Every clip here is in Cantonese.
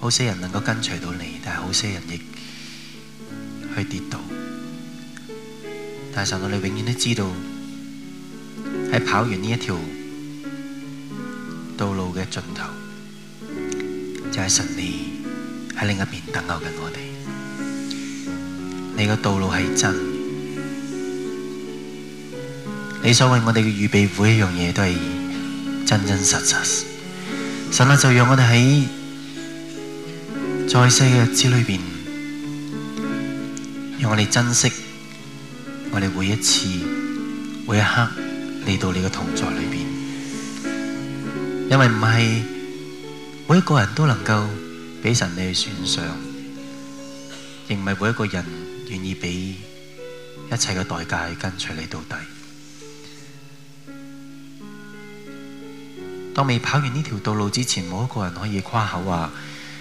好些人能夠跟隨到你，但係好些人亦去跌倒。但係神啊，你永遠都知道喺跑完呢一條道路嘅盡頭，就係、是、神你喺另一邊等候緊我哋。你嘅道路係真，你所為我哋嘅預備每一樣嘢都係真真實實。神啊，就讓我哋喺。在世嘅日子裏邊，讓我哋珍惜，我哋每一次、每一刻嚟到你嘅同在裏邊。因為唔係每一個人都能夠俾神你選上，亦唔係每一個人願意俾一切嘅代價去跟隨你到底。當未跑完呢條道路之前，冇一個人可以誇口話，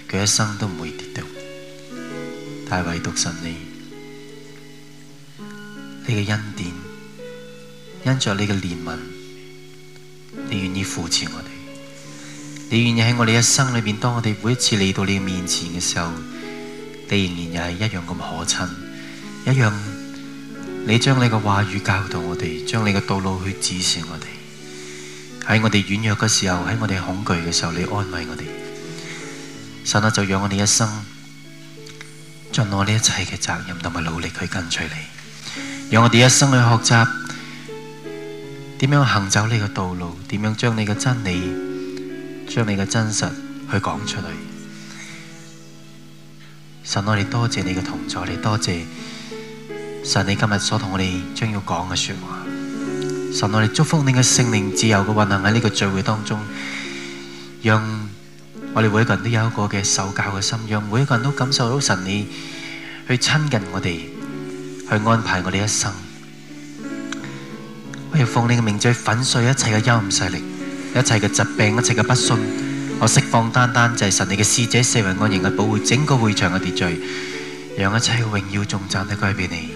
佢一生都唔會跌倒，但係唯獨神你，你嘅恩典，因着你嘅憐憫，你願意扶持我哋，你願意喺我哋一生裡面，當我哋每一次嚟到你嘅面前嘅時候，你仍然又係一樣咁可親，一樣你將你嘅話語教導我哋，將你嘅道路去指示我哋，喺我哋軟弱嘅時候，喺我哋恐懼嘅時候，你安慰我哋。神啊，就讓我哋一生盡我哋一切嘅責任同埋努力去跟隨你，讓我哋一生去學習點樣行走呢個道路，點樣將你嘅真理、將你嘅真實去講出嚟。神啊，我哋多謝你嘅同在，你多謝神，你今日所同我哋將要講嘅說話。神啊，我哋祝福你嘅聖靈自由嘅運行喺呢個聚會當中，讓。我哋每一個人都有一個嘅受教嘅心，讓每一個人都感受到神你去親近我哋，去安排我哋一生。我要奉你嘅名，去粉碎一切嘅陰暗勢力，一切嘅疾病，一切嘅不順。我釋放單單就係神你嘅使者，四圍安然嘅保護整個會場嘅秩序，讓一切榮耀頌讚都歸俾你。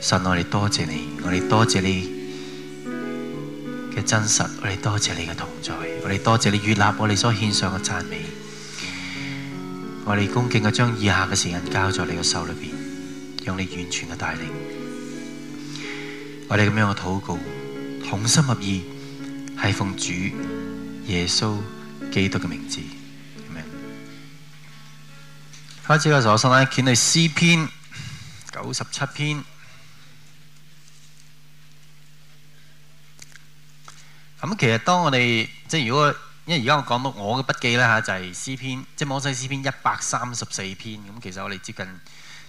神，我哋多謝你，我哋多謝你。真實，我哋多謝你嘅同在，我哋多謝你悅納我哋所獻上嘅讚美，我哋恭敬嘅將以下嘅時間交在你嘅手裏邊，讓你完全嘅帶領，我哋咁樣嘅禱告，同心合意，係奉主耶穌基督嘅名字，明唔明？開始嘅時候，我首先揀你詩篇九十七篇。咁其實當我哋即係如果，因為而家我講到我嘅筆記呢，嚇，就係詩篇，即係摩西詩篇一百三十四篇。咁其實我哋接近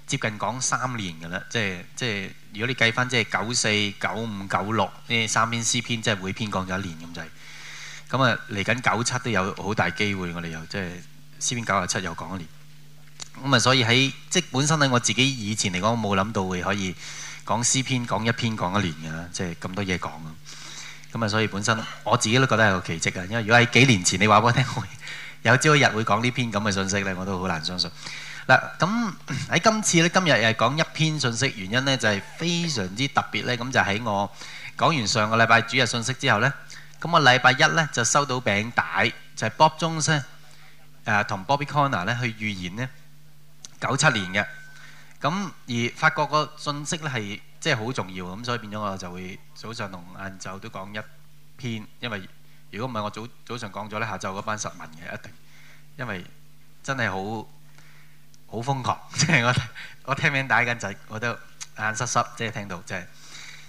接近講三年㗎喇，即係即係如果你計翻，即係九四、九五、九六呢三篇詩篇，即係每篇講咗一年咁就係。咁啊，嚟緊九七都有好大機會，我哋又即係詩篇九十七又講一年。咁啊，所以喺即本身喺我自己以前嚟講，我冇諗到會可以講詩篇講一篇講一年㗎喇，即係咁多嘢講。咁啊，所以本身我自己都覺得係個奇蹟啊！因為如果喺幾年前你話畀我聽，有朝一日會講呢篇咁嘅信息咧，我都好難相信。嗱，咁喺今次咧，今日又係講一篇信息，原因咧就係非常之特別咧。咁就喺我講完上個禮拜主日信息之後咧，咁我禮拜一咧就收到餅帶，就係 Bob Jones 誒同 Bobby Conner 咧去預言咧九七年嘅。咁而發覺個信息咧係。即係好重要咁，所以變咗我就會早上同晏晝都講一篇，因為如果唔係我早早上講咗咧，下晝嗰班實文嘅一定，因為真係好好瘋狂，即 係我我聽名大緊陣，我都眼濕濕，即係聽到即係。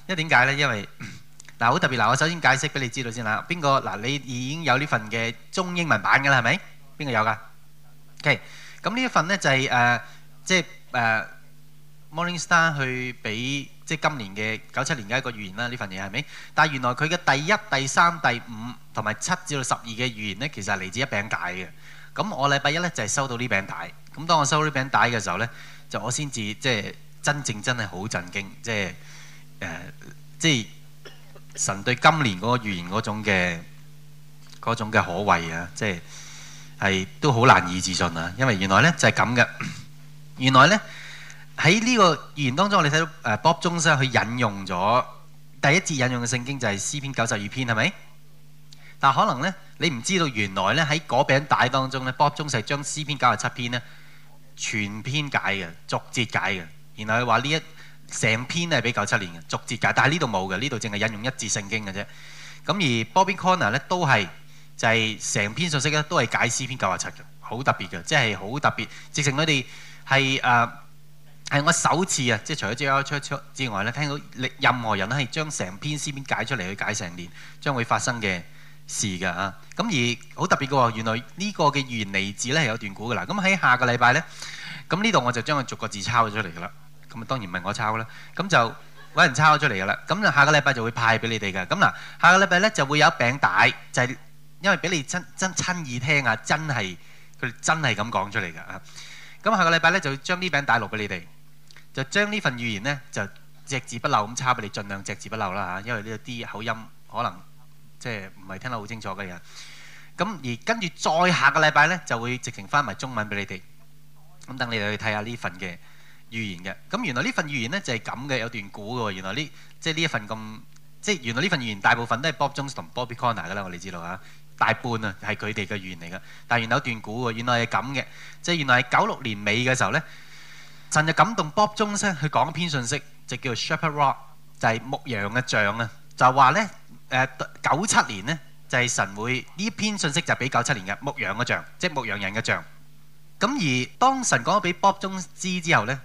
因為點解呢？因為嗱好、嗯、特別嗱，我首先解釋俾你知道先啦。邊個嗱？你已經有呢份嘅中英文版㗎啦，係咪？邊個有㗎？OK，咁呢一份呢就係、是、誒、呃，即係誒、呃、Morning Star 去俾，即今年嘅九七年嘅一個預言啦，呢份嘢係咪？但係原來佢嘅第一、第三、第五同埋七至到十二嘅預言呢，其實係嚟自一餅帶嘅。咁我禮拜一呢，就係、是、收到呢餅帶。咁當我收到呢餅帶嘅時候呢，就我先至即係真正真係好震驚，即係誒，即、呃、係、就是、神對今年嗰個預言嗰種嘅嗰種嘅可畏啊！即係係都好難以置信啊！因為原來呢，就係咁嘅，原來呢。喺呢個語言當中，我哋睇到誒 Bob 中生去引用咗第一節引用嘅聖經就係詩篇九十二篇，係咪？但可能咧，你唔知道原來咧喺果餅帶當中咧，Bob 中生將詩篇九十七篇咧全篇解嘅，逐節解嘅。然後佢話呢一成篇咧係比九七年嘅逐節解，但係呢度冇嘅，呢度淨係引用一字聖經嘅啫。咁而 Bobbie Connor 咧都係就係、是、成篇信息咧都係解詩篇九十七嘅，好特別嘅，即係好特別，直情佢哋係誒。呃係我首次啊！即係除咗 JOC 之外咧，聽到你任何人都可以將成篇詩篇解出嚟去解成年將會發生嘅事㗎啊！咁而好特別嘅喎，原來呢個嘅源嚟自咧有段古㗎啦。咁喺下個禮拜咧，咁呢度我就將佢逐個字抄咗出嚟㗎啦。咁啊當然唔係我抄啦，咁就揾人抄咗出嚟㗎啦。咁啊下個禮拜就會派俾你哋嘅。咁嗱，下個禮拜咧就會有一餅帶，就係因為俾你真真親耳聽啊，真係佢哋真係咁講出嚟㗎啊！咁下個禮拜咧就將呢餅帶錄俾你哋。就將呢份預言咧，就隻字不漏咁抄俾你，儘量隻字不漏啦嚇，因為呢度啲口音可能即係唔係聽得好清楚嘅人。咁而跟住再下個禮拜咧，就會直情翻埋中文俾你哋。咁等你哋去睇下呢份嘅預言嘅。咁原來呢份預言咧就係咁嘅，有段故嘅。原來呢，即係呢一份咁，即係原來呢份預言大部分都係 Bob Jones 同 Bobby Conner 嘅啦，我哋知道嚇。大半啊係佢哋嘅預言嚟嘅。但係原來有段故嘅，原來係咁嘅，即係原來係九六年尾嘅時候咧。神就感動 Bob Jones，去講一篇信息就叫 Shepherd Rock，就係牧羊嘅像。啊，就話咧誒九七年呢，就係、是、神會呢篇信息就係俾九七年嘅牧羊嘅像，即係牧羊人嘅像。咁而當神講咗俾 Bob Jones 知之後咧，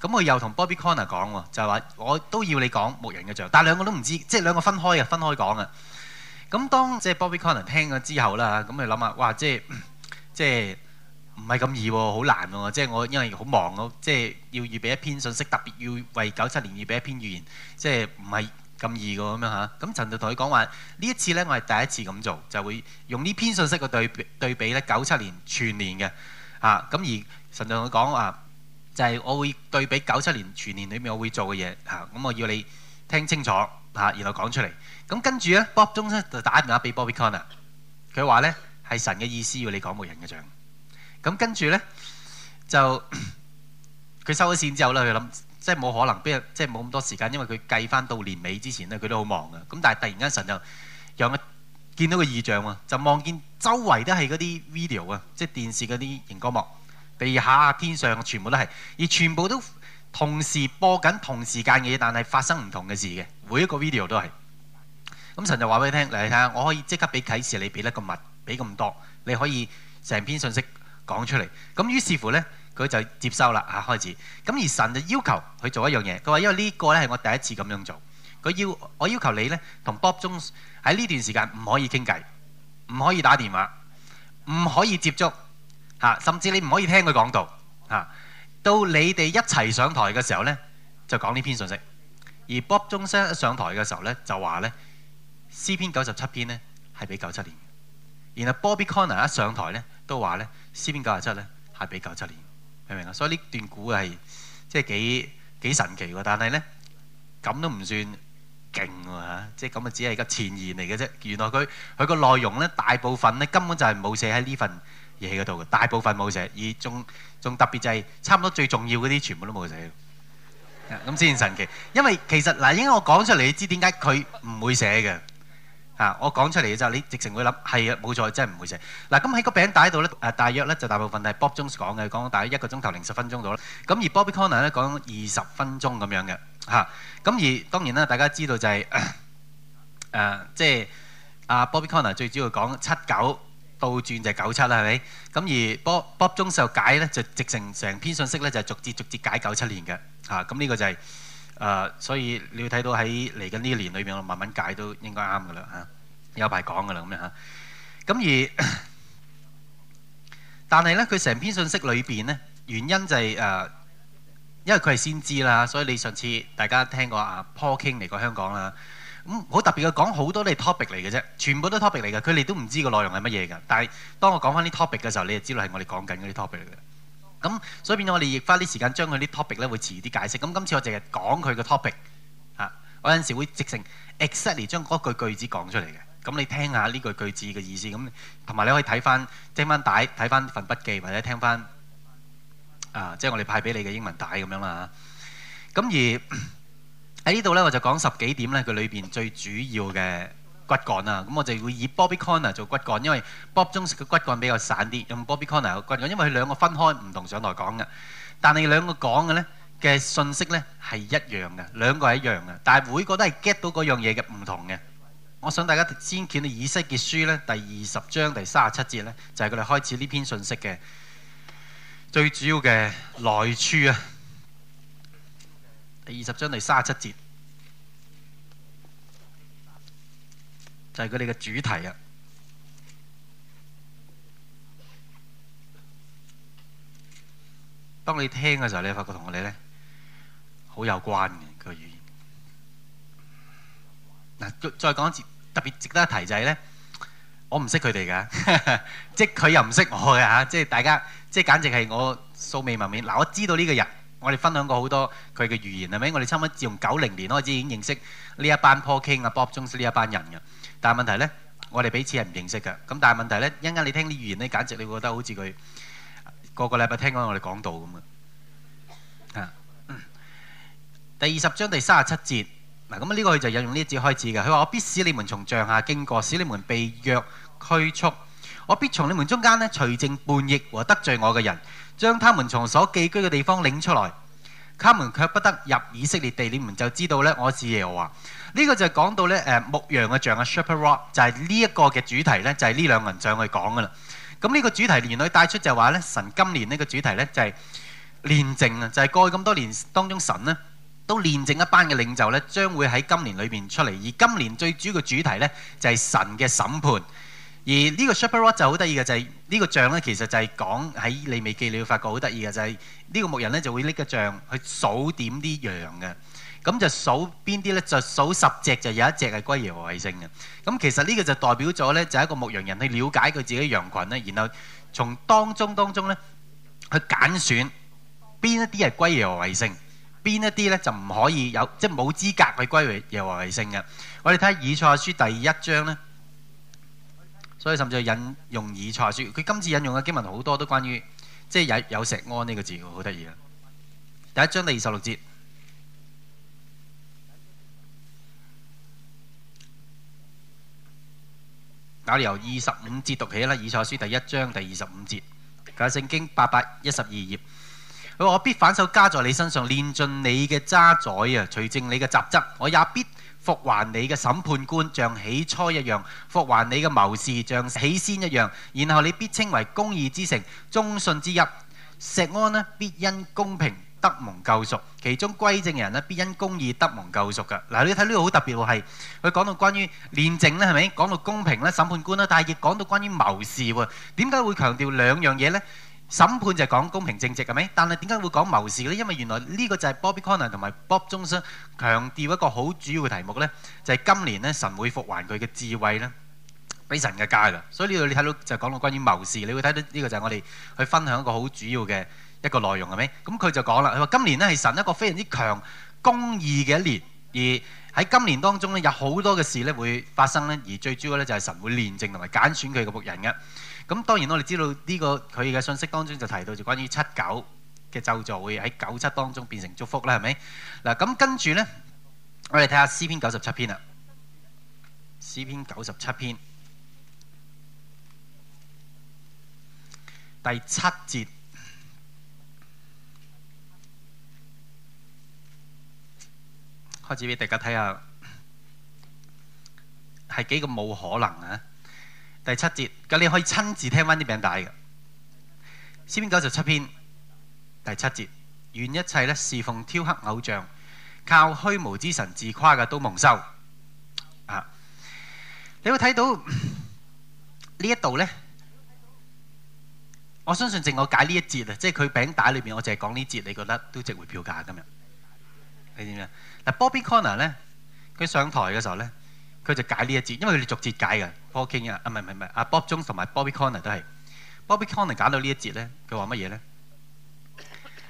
咁佢又同 Bobby Conner 講喎，就係話我都要你講牧羊嘅像」。但係兩個都唔知，即係兩個分開嘅，分開講啊。咁當即係 Bobby Conner 聽咗之後啦，咁你諗下，哇！即係即係。唔係咁易喎、啊，好難喎、啊。即係我因為好忙、啊，我即係要預備一篇信息，特別要為九七年預備一篇語言，即係唔係咁易個咁樣吓，咁、啊嗯、神就同佢講話：呢一次呢，我係第一次咁做，就會用呢篇信息去對對比咧九七年全年嘅嚇。咁、啊嗯、而神就同佢講話，就係、是、我會對比九七年全年裏面我會做嘅嘢嚇。咁、啊嗯、我要你聽清楚嚇、啊，然後講出嚟。咁跟住呢 b o b 中生就打電話俾 b o b i c o n a 佢話呢係神嘅意思要你講無人嘅帳。咁跟住呢，就佢收咗線之後呢，佢諗即係冇可能，即係冇咁多時間，因為佢計翻到年尾之前呢，佢都好忙㗎。咁但係突然間，神就讓佢見到個異象喎，就望見周圍都係嗰啲 video 啊，即係電視嗰啲熒光幕，地下天上全部都係，而全部都同時播緊同時間嘅嘢，但係發生唔同嘅事嘅，每一個 video 都係。咁神就話俾你聽，你睇下，我可以即刻俾啟示你，俾得咁密，俾咁多，你可以成篇信息。講出嚟，咁於是乎呢，佢就接收啦嚇，開始。咁而神就要求佢做一樣嘢，佢話：因為呢個呢，係我第一次咁樣做，佢要我要求你呢，同 Bob 中喺呢段時間唔可以傾偈，唔可以打電話，唔可以接觸嚇，甚至你唔可以聽佢講道嚇、啊。到你哋一齊上台嘅時候呢，就講呢篇信息。而 Bob 中生上台嘅時候呢，就話呢，詩篇九十七篇呢，係俾九七年。然後 Bobby Conner 一上台咧，都話咧《詩篇九十七》咧係比九七年，明唔明啊？所以呢段古係即係幾幾神奇嘅。但係咧咁都唔算勁喎嚇，即係咁啊，只係個前言嚟嘅啫。原來佢佢個內容咧，大部分咧根本就係冇寫喺呢份嘢嗰度嘅，大部分冇寫，而仲仲特別就係差唔多最重要嗰啲，全部都冇寫。咁先神奇，因為其實嗱，應該我講出嚟，你知點解佢唔會寫嘅？啊！我講出嚟嘅就係你直情會諗係啊，冇錯，真係唔會食。嗱咁喺個餅底度咧，誒大約咧就大部分係 Bob Jones 講嘅，講大約一個鐘頭零十分鐘度啦。咁而 Bobby Conner 咧講二十分鐘咁樣嘅，嚇。咁而當然啦，大家知道就係誒，即係阿 Bobby Conner 最主要講七九倒轉就係九七啦，係咪？咁而 Bob BobJones 就解咧就直成成篇信息咧就係逐字逐字解九七年嘅，嚇。咁呢個就係。誒，所以你會睇到喺嚟緊呢年裏邊，我慢慢解都應該啱㗎啦嚇。有排講㗎啦，咁樣嚇。咁而，但係咧，佢成篇信息裏邊咧，原因就係誒，因為佢係先知啦，所以你上次大家聽過阿 Paul King 嚟過香港啦，咁好特別嘅講好多都係 topic 嚟嘅啫，全部都 topic 嚟嘅，佢哋都唔知個內容係乜嘢㗎。但係當我講翻啲 topic 嘅時候，你就知道係我哋講緊嗰啲 topic 嚟嘅。咁所以變咗我哋亦花啲時間將佢啲 topic 咧會遲啲解釋。咁今次我淨係講佢個 topic 嚇，我有陣時會直成 exactly 將嗰句句子講出嚟嘅。咁你聽下呢句句子嘅意思，咁同埋你可以睇翻聽翻帶，睇翻份筆記或者聽翻啊，即係我哋派俾你嘅英文帶咁樣啦嚇。咁而喺呢度咧，我就講十幾點咧，佢裏邊最主要嘅。骨幹啊，咁我就會以 Bobbi Connor 做骨幹，因為 Bob 中食嘅骨幹比較散啲，用 Bobbi Connor 個骨幹，因為佢兩個分開唔同上台講嘅，但係兩個講嘅呢嘅信息呢係一樣嘅，兩個係一樣嘅，但係每個都係 get 到嗰樣嘢嘅唔同嘅。我想大家先見到以西結書呢，第二十章第三十七節呢，就係佢哋開始呢篇信息嘅最主要嘅來處啊。第二十章第三十七節。就係佢哋嘅主題啊！當你聽嘅時候，你發覺同我哋咧好有關嘅佢嘅語言嗱。再再講一次，特別值得一提就係、是、咧，我唔識佢哋嘅，即係佢又唔識我嘅即係大家即係簡直係我素未謀面嗱。我知道呢個人，我哋分享過好多佢嘅預言係咪？我哋差唔多自從九零年開始已經認識呢一班 Paul King 啊 Bob Jones 呢一班人嘅。但係問題咧，我哋彼此係唔認識嘅。咁但係問題咧，一陣間你聽啲語言咧，簡直你會覺得好似佢個個禮拜聽講我哋講道咁嘅。啊，第二十章第三十七節嗱，咁啊呢個佢就引用呢節開始嘅。佢話：我必使你們從杖下經過，使你們被約拘束。我必從你們中間咧除淨叛逆和得罪我嘅人，將他們從所寄居嘅地方領出來。他們卻不得入以色列地，你們就知道咧。我是耶和華，呢個就係講到咧誒、呃、牧羊嘅像。啊，shepherd rock 就係呢一個嘅主題咧，就係呢兩人像。去講噶啦。咁呢個主題連裏帶出就係話咧，神今年呢個主題咧就係煉淨啊，就係、是、過去咁多年當中神咧都煉淨一班嘅領袖咧，將會喺今年裏邊出嚟，而今年最主要嘅主題咧就係神嘅審判。而呢個 Shepherd's Rod 就好得意嘅，就係、是、呢個杖咧，其實就係講喺利未記，你要發覺好得意嘅就係、是、呢個牧人咧就會拎個杖去數點啲羊嘅，咁就數邊啲咧就數十隻就有一隻係歸耶和華聖嘅。咁其實呢個就代表咗咧，就係一個牧羊人去了解佢自己羊群咧，然後從當中當中咧去揀選邊一啲係歸耶和華聖，邊一啲咧就唔可以有即係冇資格去歸為耶和華聖嘅。我哋睇以賽書第一章咧。所以甚至引用以賽書，佢今次引用嘅經文好多都關於，即係有有石安呢個字，好得意啊！第一章第二十六節，你由二十五節讀起啦，《以賽書》第一章第二十五節，喺聖經八百一十二頁。佢話：我必反手加在你身上，煉盡你嘅渣滓啊，除淨你嘅雜質，我也必。復還你嘅審判官像起初一樣，復還你嘅謀士像起先一樣，然後你必稱為公義之城、忠信之邑。錫安呢必因公平得蒙救贖，其中歸正人呢必因公義得蒙救贖嘅。嗱，你睇呢個好特別喎，係佢講到關於廉正咧，係咪講到公平咧、審判官啦，但係亦講到關於謀士喎，點解會強調兩樣嘢咧？審判就係講公平正直，係咪？但係點解會講謀士呢？因為原來呢個就係 Bobby Conner 同埋 Bob Jones 強調一個好主要嘅題目呢，就係、是、今年呢神會復還佢嘅智慧呢，俾神嘅家啦。所以呢度你睇到就講到關於謀士，你會睇到呢個就係我哋去分享一個好主要嘅一個內容係咪？咁佢就講啦，佢話今年呢係神一個非常之強公義嘅一年，而喺今年當中呢，有好多嘅事呢會發生呢，而最主要呢就係神會煉淨同埋揀選佢嘅僕人嘅。咁當然我哋知道呢個佢嘅信息當中就提到就關於七九嘅咒詛會喺九七當中變成祝福啦，係咪？嗱咁跟住咧，我哋睇下詩篇九十七篇啦。詩篇九十七篇第七節開始俾大家睇下，係幾咁冇可能啊！第七節，咁你可以親自聽翻啲餅帶嘅。詩篇九十七篇第七節，願一切咧侍奉挑黑偶像，靠虛無之神自誇嘅都蒙羞。啊，你會睇到呢一度咧，我相信淨我解呢一節啊，即係佢餅帶裏邊，我淨係講呢節，你覺得都值回票價今日。你知唔知啊？嗱，Bobby Conner 咧，佢上台嘅時候咧。佢就解呢一節，因為佢哋逐節解嘅。幫我傾啊，唔係唔係唔係，阿 Bob 中同埋 b o b b y Connor 都係。b o b b y Connor 揀到呢一節咧，佢話乜嘢咧？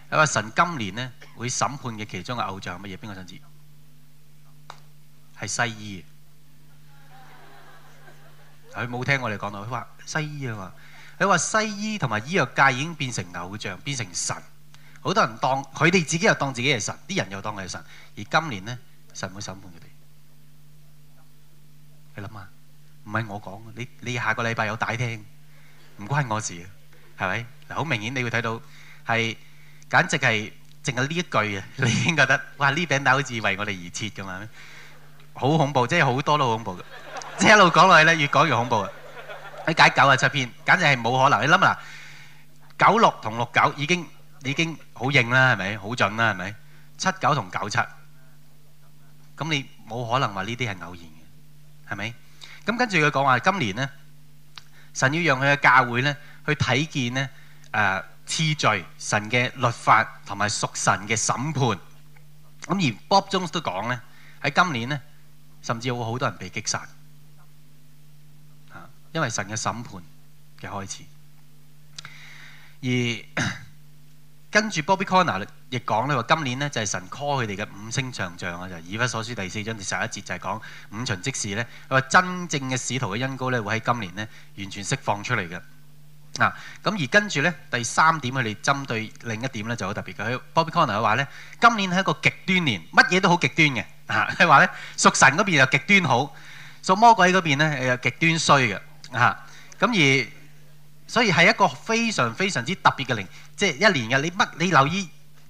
佢話神今年咧會審判嘅其中嘅偶像係乜嘢？邊個想知？係西醫。佢冇聽我哋講到，佢話西，西醫啊嘛。佢話西醫同埋醫藥界已經變成偶像，變成神。好多人當佢哋自己又當自己係神，啲人又當佢係神。而今年呢，神會審判佢哋。你諗下，唔係我講，你你下個禮拜有大聽，唔關我事，係咪？嗱，好明顯你會睇到，係簡直係淨係呢一句啊，你已經覺得，哇，呢餅底好似為我哋而設噶嘛，好恐怖，即係好多都好恐怖，即係一路講落去咧，越講越恐怖啊！你解九啊七篇，簡直係冇可能。你諗啦，九六同六九已經已經好應啦，係咪？好準啦，係咪？七九同九七，咁你冇可能話呢啲係偶然。係咪？咁跟住佢講話，今年呢，神要讓佢嘅教會呢去睇見呢誒、呃、次序、神嘅律法同埋屬神嘅審判。咁而 Bob Jones 都講呢，喺今年呢，甚至會好多人被擊殺，因為神嘅審判嘅開始。而 跟住 Bobby Conner 亦講咧話，今年咧就係神 call 佢哋嘅五星上將啊！就以弗所書第四章第十一節就係講五旬即時咧，佢話真正嘅使徒嘅恩膏咧會喺今年咧完全釋放出嚟嘅啊！咁而跟住咧第三點佢哋針對另一點咧就好特別嘅，Bobby Conner 嘅話咧，今年係一個極端年，乜嘢都好極端嘅啊！佢話咧，屬神嗰邊又極端好，屬魔鬼嗰邊咧又極端衰嘅啊！咁而所以係一個非常非常之特別嘅靈，即係一年嘅。你乜？你留意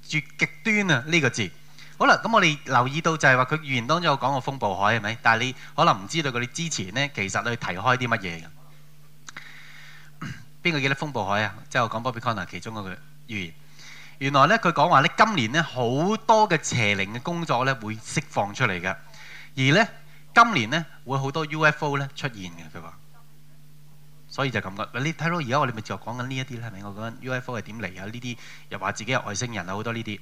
住極端啊呢個字。好啦，咁我哋留意到就係話佢預言當中有講過風暴海係咪？但係你可能唔知道佢哋之前呢，其實佢提開啲乜嘢嘅。邊個記得風暴海啊？即係我講 Bobby Conner 其中一個預言。原來呢，佢講話呢，今年呢好多嘅邪靈嘅工作呢會釋放出嚟嘅，而呢，今年呢會好多 UFO 呢出現嘅。佢話。所以就咁噶，你睇到而家我哋咪就講緊呢一啲咧，係咪？我講緊 UFO 係點嚟啊？呢啲又話自己係外星人啊，好多呢啲。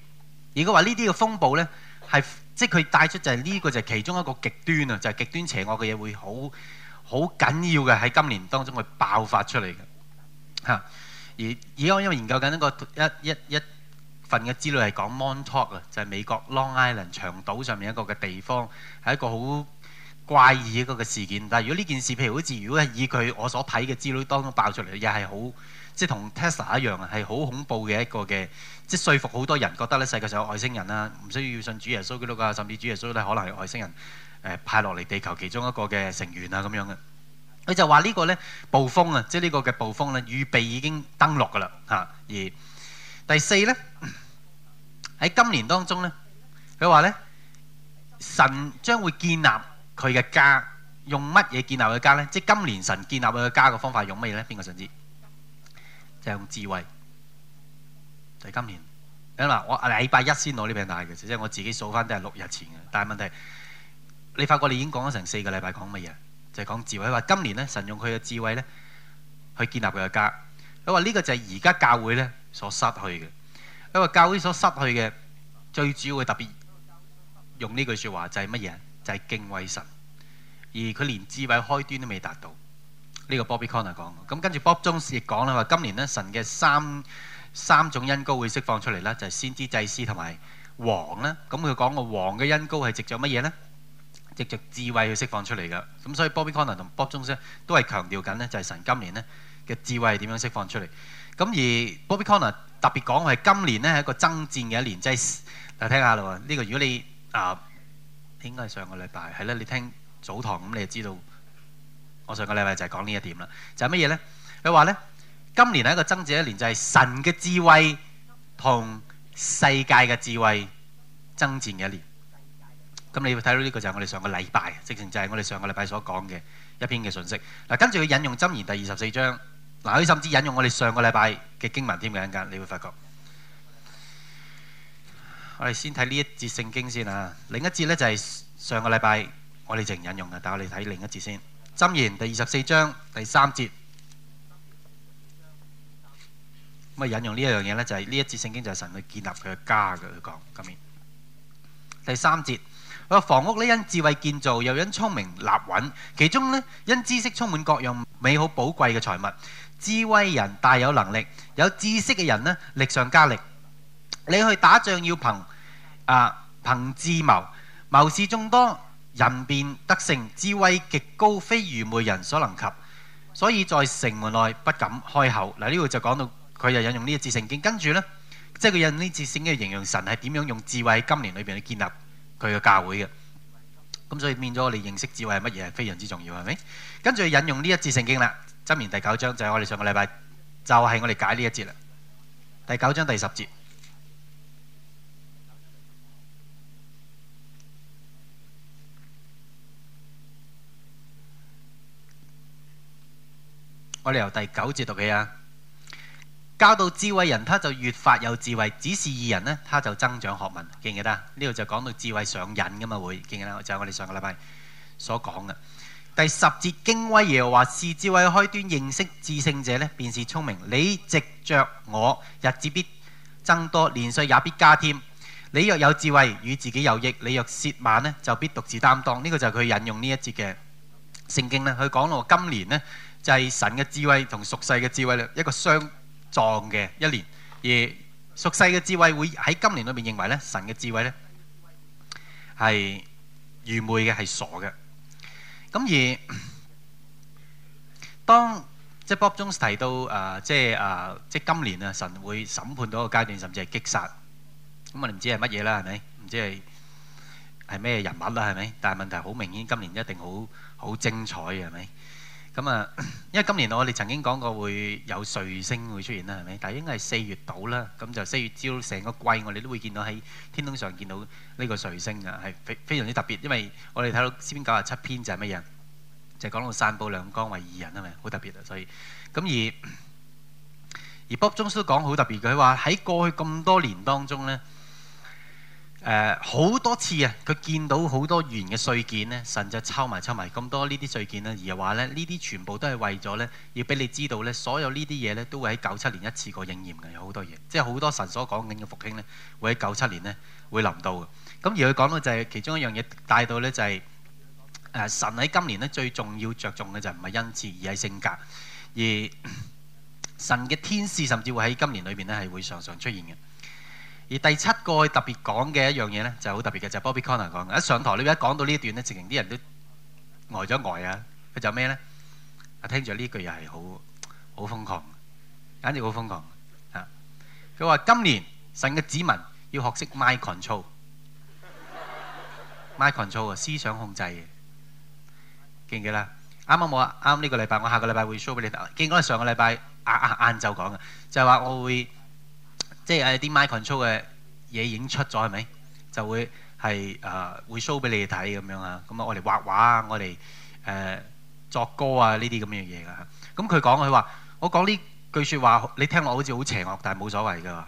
如果話呢啲嘅風暴咧，係即係佢帶出就係呢個就係其中一個極端啊，就係極端邪惡嘅嘢會好好緊要嘅喺今年當中會爆發出嚟嘅嚇。而而家我因為研究緊一個一一一份嘅資料係講 Montauk 啊，就係美國 Long Island 長島上面一個嘅地方，係一個好怪異一個嘅事件，但係如果呢件事，譬如好似如果係以佢我所睇嘅資料當中爆出嚟，又係好即係同 Tesla 一樣，係好恐怖嘅一個嘅，即係説服好多人覺得咧世界上有外星人啦，唔需要要信主耶穌基督，甚至主耶穌咧可能係外星人誒、呃、派落嚟地球其中一個嘅成員啊咁樣嘅。佢就話呢個咧暴風啊，即係呢個嘅暴風咧預備已經登陸㗎啦嚇。而第四呢，喺今年當中呢，佢話呢神將會建立。佢嘅家用乜嘢建立佢家咧？即係今年神建立佢嘅家嘅方法用乜嘢咧？邊個想知？就係、是、用智慧。就係、是、今年。你嗱，我禮拜一先攞呢餅帶嘅，即係我自己數翻都係六日前嘅。但係問題，你發覺你已經講咗成四個禮拜講乜嘢？就係、是、講智慧。話今年咧，神用佢嘅智慧咧，去建立佢嘅家。佢話呢個就係而家教會咧所失去嘅。佢話教會所失去嘅最主要嘅特別用呢句説話就係乜嘢？就係敬畏神，而佢連智慧開端都未達到。呢、這個 Bobbi Connor 講咁，跟住 Bob 中士亦講啦，話今年呢神嘅三三種恩高會釋放出嚟啦，就係、是、先知、祭司同埋王啦。咁佢講個王嘅恩高係藉著乜嘢呢？藉着智慧去釋放出嚟㗎。咁所以 Bobbi Connor 同 Bob 中士都係強調緊呢，就係、是、神今年呢嘅智慧係點樣釋放出嚟？咁而 Bobbi Connor 特別講係今年呢係一個爭戰嘅一年，即係家聽下啦喎。呢、這個如果你啊～、呃應該係上個禮拜係啦，你聽早堂咁，你就知道我上個禮拜就係講呢一點啦。就係乜嘢呢？佢話呢，今年係一個增長一年，就係神嘅智慧同世界嘅智慧爭戰嘅一年。咁你會睇到呢個就係我哋上個禮拜，直情就係我哋上個禮拜所講嘅一篇嘅信息。嗱，跟住佢引用箴言第二十四章，嗱佢甚至引用我哋上個禮拜嘅經文添嘅，一陣間，你會發覺。我哋先睇呢一節聖經先啊，另一節咧就係、是、上個禮拜我哋淨引用嘅，但我哋睇另一節先。箴言第二十四章第三節，咁啊引用呢一樣嘢咧就係、是、呢一節聖經就係神去建立佢嘅家嘅，佢講咁面第三節，話房屋咧因智慧建造，又因聰明立穩，其中咧因知識充滿各樣美好寶貴嘅財物。智慧人大有能力，有知識嘅人呢，力上加力。你去打仗，要憑啊憑智謀，謀士眾多，人便得勝，智慧極高，非愚昧人所能及。所以在城門內不敢開口。嗱呢度就講到佢又引用呢一節聖經，跟住咧，即係佢引呢一節聖經嚟形容神係點樣用智慧喺今年裏邊去建立佢嘅教會嘅。咁所以變咗我哋認識智慧係乜嘢係非常之重要，係咪？跟住引用呢一節聖經啦，箴言第九章就係我哋上個禮拜就係我哋解呢一節啦，第九章第十節。我哋由第九節讀起啊，教導智慧人，他就越發有智慧；指示義人呢，他就增長學問。記唔記得啊？呢度就講到智慧上癮噶嘛會記唔記得？就係、是、我哋上個禮拜所講嘅第十節，敬畏耶和華，是智慧開端，認識至聖者呢，便是聰明。你藉著我，日子必增多，年歲也必加添。你若有智慧，與自己有益；你若褻慢呢，就必獨自擔當。呢、這個就係佢引用呢一節嘅聖經啦。佢講到今年呢，就係神嘅智慧同俗世嘅智慧咧，一個相撞嘅一年。而俗世嘅智慧會喺今年裏面認為咧，神嘅智慧咧係愚昧嘅，係傻嘅。咁而當即係 Bob Jones 提到誒，即係誒，即係今年啊，神會審判到一個階段，甚至係擊殺。咁我哋唔知係乜嘢啦，係咪？唔知係係咩人物啦，係咪？但係問題好明顯，今年一定好好精彩嘅，係咪？咁啊，因為今年我哋曾經講過會有彗星會出現啦，係咪？但應該係四月到啦，咁就四月朝成個季，我哋都會見到喺天空上見到呢個彗星啊，係非非常之特別。因為我哋睇到詩篇九十七篇就係乜嘢？就講、是、到散佈亮光為義人啊嘛，好特別啊！所以咁而而 Bob Jones 都講好特別，佢話喺過去咁多年當中咧。誒好、呃、多次啊！佢見到好多圓嘅碎件咧，神就抽埋抽埋咁多呢啲碎件咧，而話咧呢啲全部都係為咗呢，要俾你知道呢所有呢啲嘢呢都會喺九七年一次過應驗嘅，有好多嘢，即係好多神所講緊嘅復興呢會喺九七年呢會臨到嘅。咁而佢講到就係、是、其中一樣嘢、就是，帶到呢就係神喺今年呢最重要着重嘅就唔係恩賜，而係性格，而神嘅天使甚至會喺今年裏面呢係會常常出現嘅。而第七個特別講嘅一樣嘢咧，就好特別嘅，就係 Bobby Conner 講。一上台咧，一講到呢一段咧，直情啲人都呆咗呆啊！佢就咩咧？啊，聽住呢句又係好好瘋狂，簡直好瘋狂啊！佢話今年神嘅子民要學識 mind control，mind control 啊，思想控制嘅，記唔記得？啱啱冇呀啱呢個禮拜，我下個禮拜會 show 俾你睇。見我上個禮拜晏晏晏晝講嘅，就係話我會。即係啲 mind control 嘅嘢已經出咗係咪？就會係誒、啊、會 show 俾你哋睇咁樣，樣畫畫、呃、啊！咁啊、嗯，我哋畫畫啊，我哋誒作歌啊，呢啲咁嘅嘢㗎。咁佢講佢話：我講呢句説話，你聽落好似好邪惡，但係冇所謂㗎。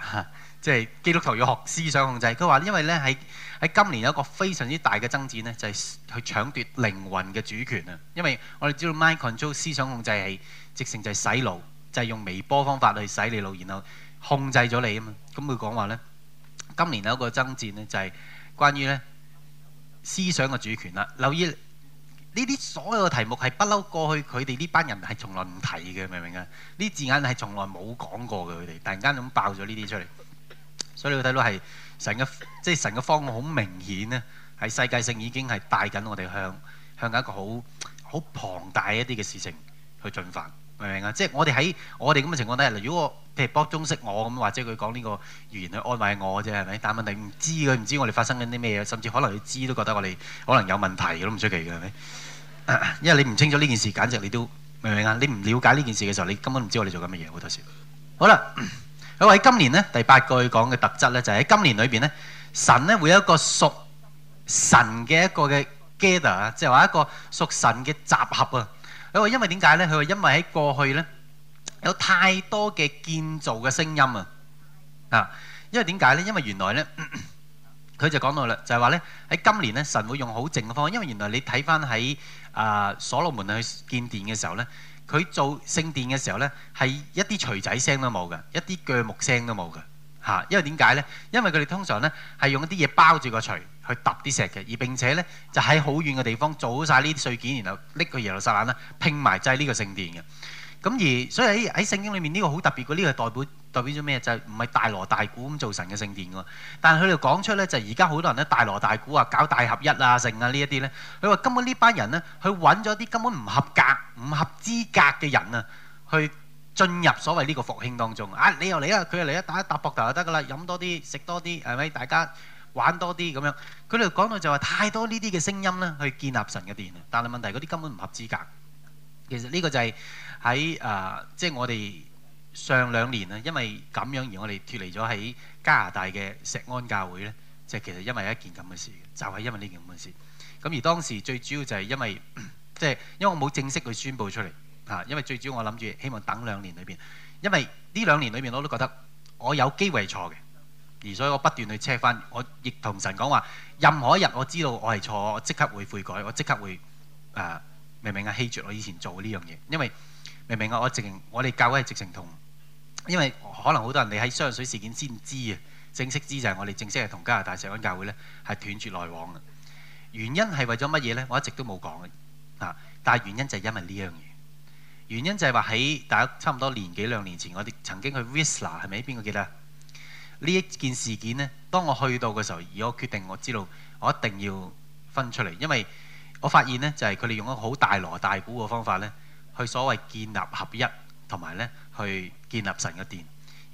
即係基督徒要學思想控制。佢話因為咧喺喺今年有一個非常之大嘅爭戰咧，就係、是、去搶奪靈魂嘅主權啊！因為我哋知道 mind control 思想控制係直情就係洗腦，就係、是、用微波方法去洗你腦，然後。然後控制咗你啊嘛，咁佢講話呢，今年有一個爭戰呢，就係關於呢思想嘅主權啦。留意呢啲所有嘅題目係不嬲過去佢哋呢班人係從來唔提嘅，明唔明啊？呢字眼係從來冇講過嘅，佢哋突然間咁爆咗呢啲出嚟，所以你會睇到係成個即係成個方案好明顯呢，係世界性已經係帶緊我哋向向一個好好龐大一啲嘅事情去進發。明唔明啊？即係我哋喺我哋咁嘅情況底下，例如如果譬如 Bob Jones 識我咁，或者佢講呢個語言去安慰我嘅啫，係咪？但問題唔知，佢唔知我哋發生緊啲咩嘢，甚至可能佢知都覺得我哋可能有問題嘅，都唔出奇嘅，係咪？因為你唔清楚呢件事，簡直你都明唔明啊？你唔瞭解呢件事嘅時候，你根本唔知我哋做緊乜嘢好多時。好啦，佢話喺今年咧第八句講嘅特質咧，就係喺今年裏邊咧，神咧會有一個屬神嘅一個嘅 gather 啊，即係話一個屬神嘅集合啊。佢話：因為點解咧？佢話因為喺過去咧，有太多嘅建造嘅聲音啊！啊，因為點解咧？因為原來咧，佢就講到啦，就係話咧，喺今年咧，神會用好靜嘅方法。因為原來你睇翻喺啊所羅門去建殿嘅時候咧，佢做聖殿嘅時候咧，係一啲鎚仔聲都冇嘅，一啲鋸木聲都冇嘅嚇。因為點解咧？因為佢哋通常咧係用一啲嘢包住個鎚。去揼啲石嘅，而並且呢，就喺好遠嘅地方做晒呢啲碎件，然後拎去耶路撒冷啦，拼埋製呢個聖殿嘅。咁而所以喺喺聖經裏面呢個好特別嘅，呢個代表代表咗咩？就係唔係大羅大鼓咁做神嘅聖殿喎？但係佢哋講出呢，就係而家好多人呢，大羅大鼓啊，搞大合一啊、剩啊呢一啲呢。佢話根本呢班人呢，去揾咗啲根本唔合格、唔合資格嘅人啊，去進入所謂呢個復興當中啊！你又嚟啦，佢又嚟啦，打一打膊頭就得噶啦，飲多啲，食多啲，係咪大家？玩多啲咁樣，佢哋講到就話、是、太多呢啲嘅聲音啦，去建立神嘅殿。但係問題，嗰啲根本唔合資格。其實呢個就係喺誒，即、呃、係、就是、我哋上兩年啊，因為咁樣而我哋脫離咗喺加拿大嘅石安教會咧，就是、其實因為一件咁嘅事，就係、是、因為呢件咁嘅事。咁而當時最主要就係因為，即、就、係、是、因為我冇正式去宣佈出嚟嚇，因為最主要我諗住希望等兩年裏邊，因為呢兩年裏邊我都覺得我有機會錯嘅。而所以我不斷去 check 翻，我亦同神講話。任何一日我知道我係錯，我即刻會悔改，我即刻會誒、呃，明唔明啊？棄絕我以前做呢樣嘢，因為明唔明啊？我直我哋教會係直情同，因為可能好多人你喺雙水事件先知嘅，正式知就係我哋正式係同加拿大石安教會咧係斷絕來往嘅。原因係為咗乜嘢呢？我一直都冇講嘅嚇，但係原因就係因為呢樣嘢。原因就係話喺大家差唔多年幾兩年前，我哋曾經去 Whistler 係咪？邊個記得？呢一件事件呢，當我去到嘅時候，而我決定我知道我一定要分出嚟，因為我發現呢，就係佢哋用一個好大鑼大鼓嘅方法呢，去所謂建立合一同埋呢去建立神嘅殿。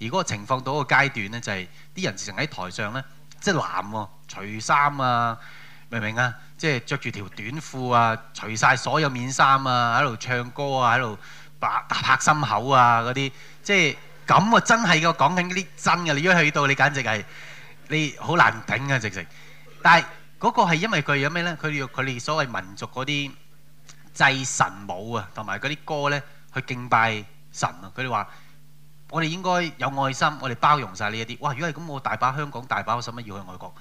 而嗰個情況到一個階段呢、就是，就係啲人成日喺台上呢，即係男喎，除衫啊，明唔明啊？即係著住條短褲啊，除晒所有面衫啊，喺度唱歌啊，喺度拍拍心口啊，嗰啲即係。咁啊，真係嘅，講緊嗰啲真嘅，你如果去到，你簡直係你好難頂啊！直直，但係嗰個係因為佢有咩呢？佢哋要佢哋所謂民族嗰啲祭神舞啊，同埋嗰啲歌呢，去敬拜神啊！佢哋話：我哋應該有愛心，我哋包容曬呢一啲。哇！如果係咁，我大把香港大把，我使乜要去外國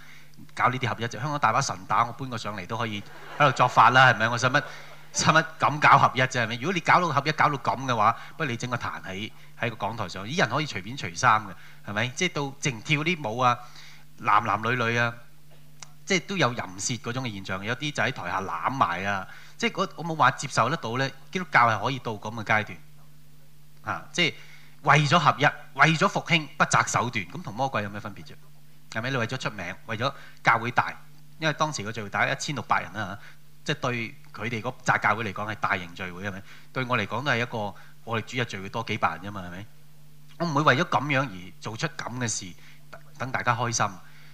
搞呢啲合一？就香港大把神打，我搬過上嚟都可以喺度作法啦，係咪？我使乜？使乜咁搞合一啫？係咪如果你搞到合一，搞到咁嘅話，不如你整個彈起喺個講台上。啲人可以隨便除衫嘅，係咪？即係到淨跳啲舞啊，男男女女啊，即係都有淫褻嗰種嘅現象。有啲就喺台下攬埋啊，即係我冇話接受得到呢。基督教係可以到咁嘅階段嚇、啊，即係為咗合一，為咗復興，不擇手段。咁同魔鬼有咩分別啫？係咪你為咗出名，為咗教會大？因為當時個聚會大一千六百人啊，即係對。佢哋嗰扎教會嚟講係大型聚會係咪？對我嚟講都係一個我哋主日聚會多幾百人啫嘛？係咪？我唔會為咗咁樣而做出咁嘅事，等大家開心。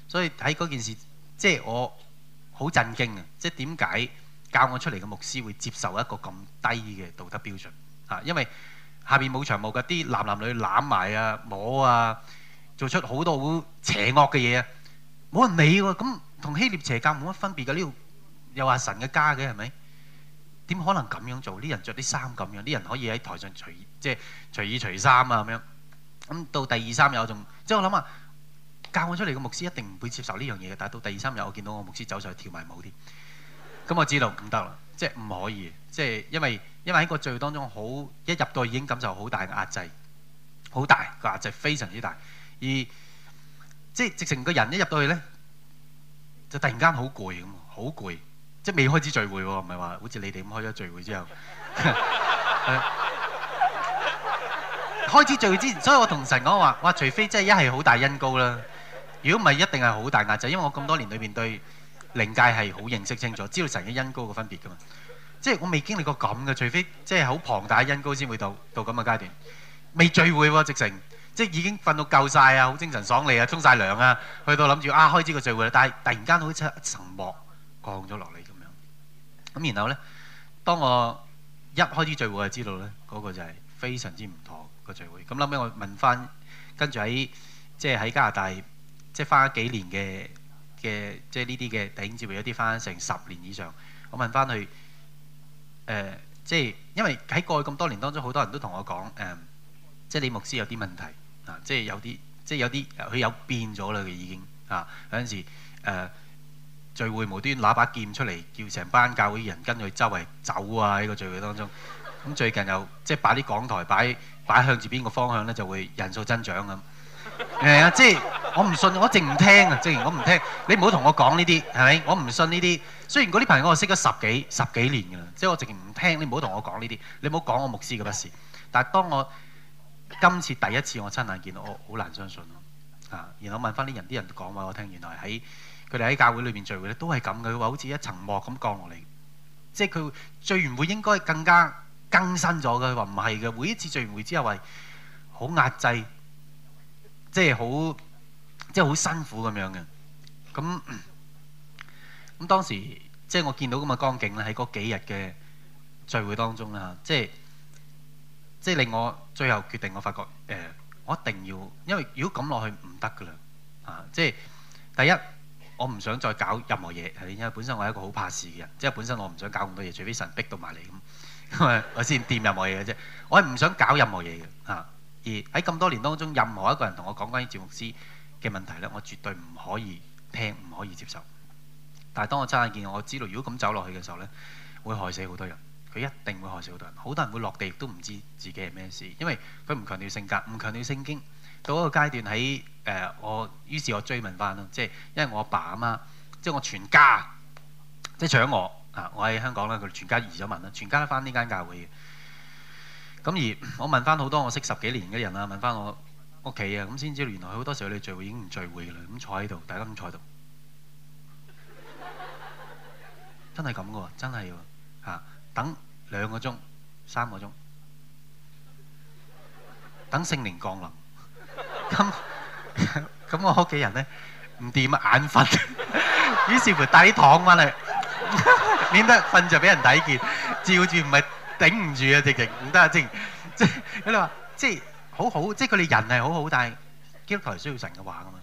所以喺嗰件事，即係我好震驚啊！即係點解教我出嚟嘅牧師會接受一個咁低嘅道德標準啊？因為下邊冇長務㗎，啲男男女攬埋啊，摸啊，做出好多好邪惡嘅嘢啊！冇人理喎，咁同希臘邪教冇乜分別㗎？呢度又話神嘅家嘅係咪？點可能咁樣做？啲人着啲衫咁樣，啲人可以喺台上除，即係除以除衫啊咁樣。咁到第二三日我仲即係我諗啊，教我出嚟嘅牧師一定唔會接受呢樣嘢嘅。但係到第二三日我見到我牧師走上去跳埋舞添，咁我知道唔得啦，即係唔可以，即係因為因為喺個聚會當中好一入到已經感受好大嘅壓制，好大個壓制非常之大。而即係直情個人一入到去咧，就突然間好攰咁，好攰。即係未開始聚會喎，唔係話好似你哋咁開咗聚會之後， 開始聚會之前，所以我同神講話：哇，除非即係一係好大恩膏啦，如果唔係一定係好大壓制，因為我咁多年裏邊對靈界係好認識清楚，知道神嘅恩膏嘅分別噶嘛，即係我未經歷過咁嘅。除非即係好龐大嘅恩膏先會到到咁嘅階段。未聚會喎，直情，即係已經瞓到夠晒啊，好精神爽利啊，沖晒涼啊，去到諗住啊開始個聚會啦，但係突然間好似一層膜降咗落嚟。咁然後呢，當我一開始聚會，就知道呢，嗰個就係非常之唔妥個聚會。咁後屘我問翻，跟住喺即係喺加拿大，即係花幾年嘅嘅，即係呢啲嘅頂級聚會，有啲翻成十年以上。我問翻佢，誒、呃，即係因為喺過去咁多年當中，好多人都同我講，誒、呃，即係李牧師有啲問題啊，即係有啲，即係有啲，佢有變咗啦，佢已經啊，有陣時誒。啊聚會無端拿把劍出嚟，叫成班教會人跟佢周圍走啊！喺個聚會當中，咁最近又即係擺啲講台擺擺向住邊個方向呢，就會人數增長咁。明啊、 嗯？即係我唔信，我淨唔聽啊！即係我唔聽，你唔好同我講呢啲，係咪？我唔信呢啲。雖然嗰啲朋友我識咗十幾十幾年㗎啦，即係我淨唔聽，你唔好同我講呢啲。你唔好講我牧師嘅不是。但係當我今次第一次我親眼見到，我好難相信啊、嗯！然後問翻啲人，啲人講話我聽，原來喺。佢哋喺教會裏面聚會咧，都係咁嘅。佢話好似一層幕咁降落嚟，即係佢聚完會應該更加更新咗嘅。佢話唔係嘅，每一次聚完會之後係好壓制，即係好即係好辛苦咁樣嘅。咁咁當時即係我見到咁嘅光景咧，喺嗰幾日嘅聚會當中啦，嚇即係即係令我最後決定，我發覺誒，我一定要，因為如果咁落去唔得㗎啦嚇，即係第一。我唔想再搞任何嘢，因為本身我係一個好怕事嘅人，即係本身我唔想搞咁多嘢，除非神逼到埋嚟咁，我先掂任何嘢嘅啫。我係唔想搞任何嘢嘅，嚇。而喺咁多年當中，任何一個人同我講關於召牧師嘅問題咧，我絕對唔可以聽，唔可以接受。但係當我親眼見，我知道如果咁走落去嘅時候咧，會害死好多人。佢一定會害死好多人，好多人會落地亦都唔知自己係咩事，因為佢唔強調性格，唔強調聖經。到一個階段喺誒、呃，我於是，我追問翻咯，即係因為我阿爸阿媽，即係我全家，即係除咗我啊，我喺香港啦，佢全家移咗民啦，全家都翻呢間教會嘅。咁而我問翻好多我識十幾年嘅人啦，問翻我屋企啊，咁先知道原來好多時候你哋聚會已經唔聚會嘅啦，咁坐喺度，大家咁坐喺度，真係咁嘅喎，真係喎、啊、等兩個鐘、三個鐘，等聖靈降臨。咁，咁我屋企人咧唔掂，眼瞓，於是乎帶啲糖翻嚟，免得瞓著俾人睇見，照住唔係頂唔住啊，直情唔得啊！即係即係你話即係好好，即係佢哋人係好好，但係基督教係需要神嘅話噶嘛，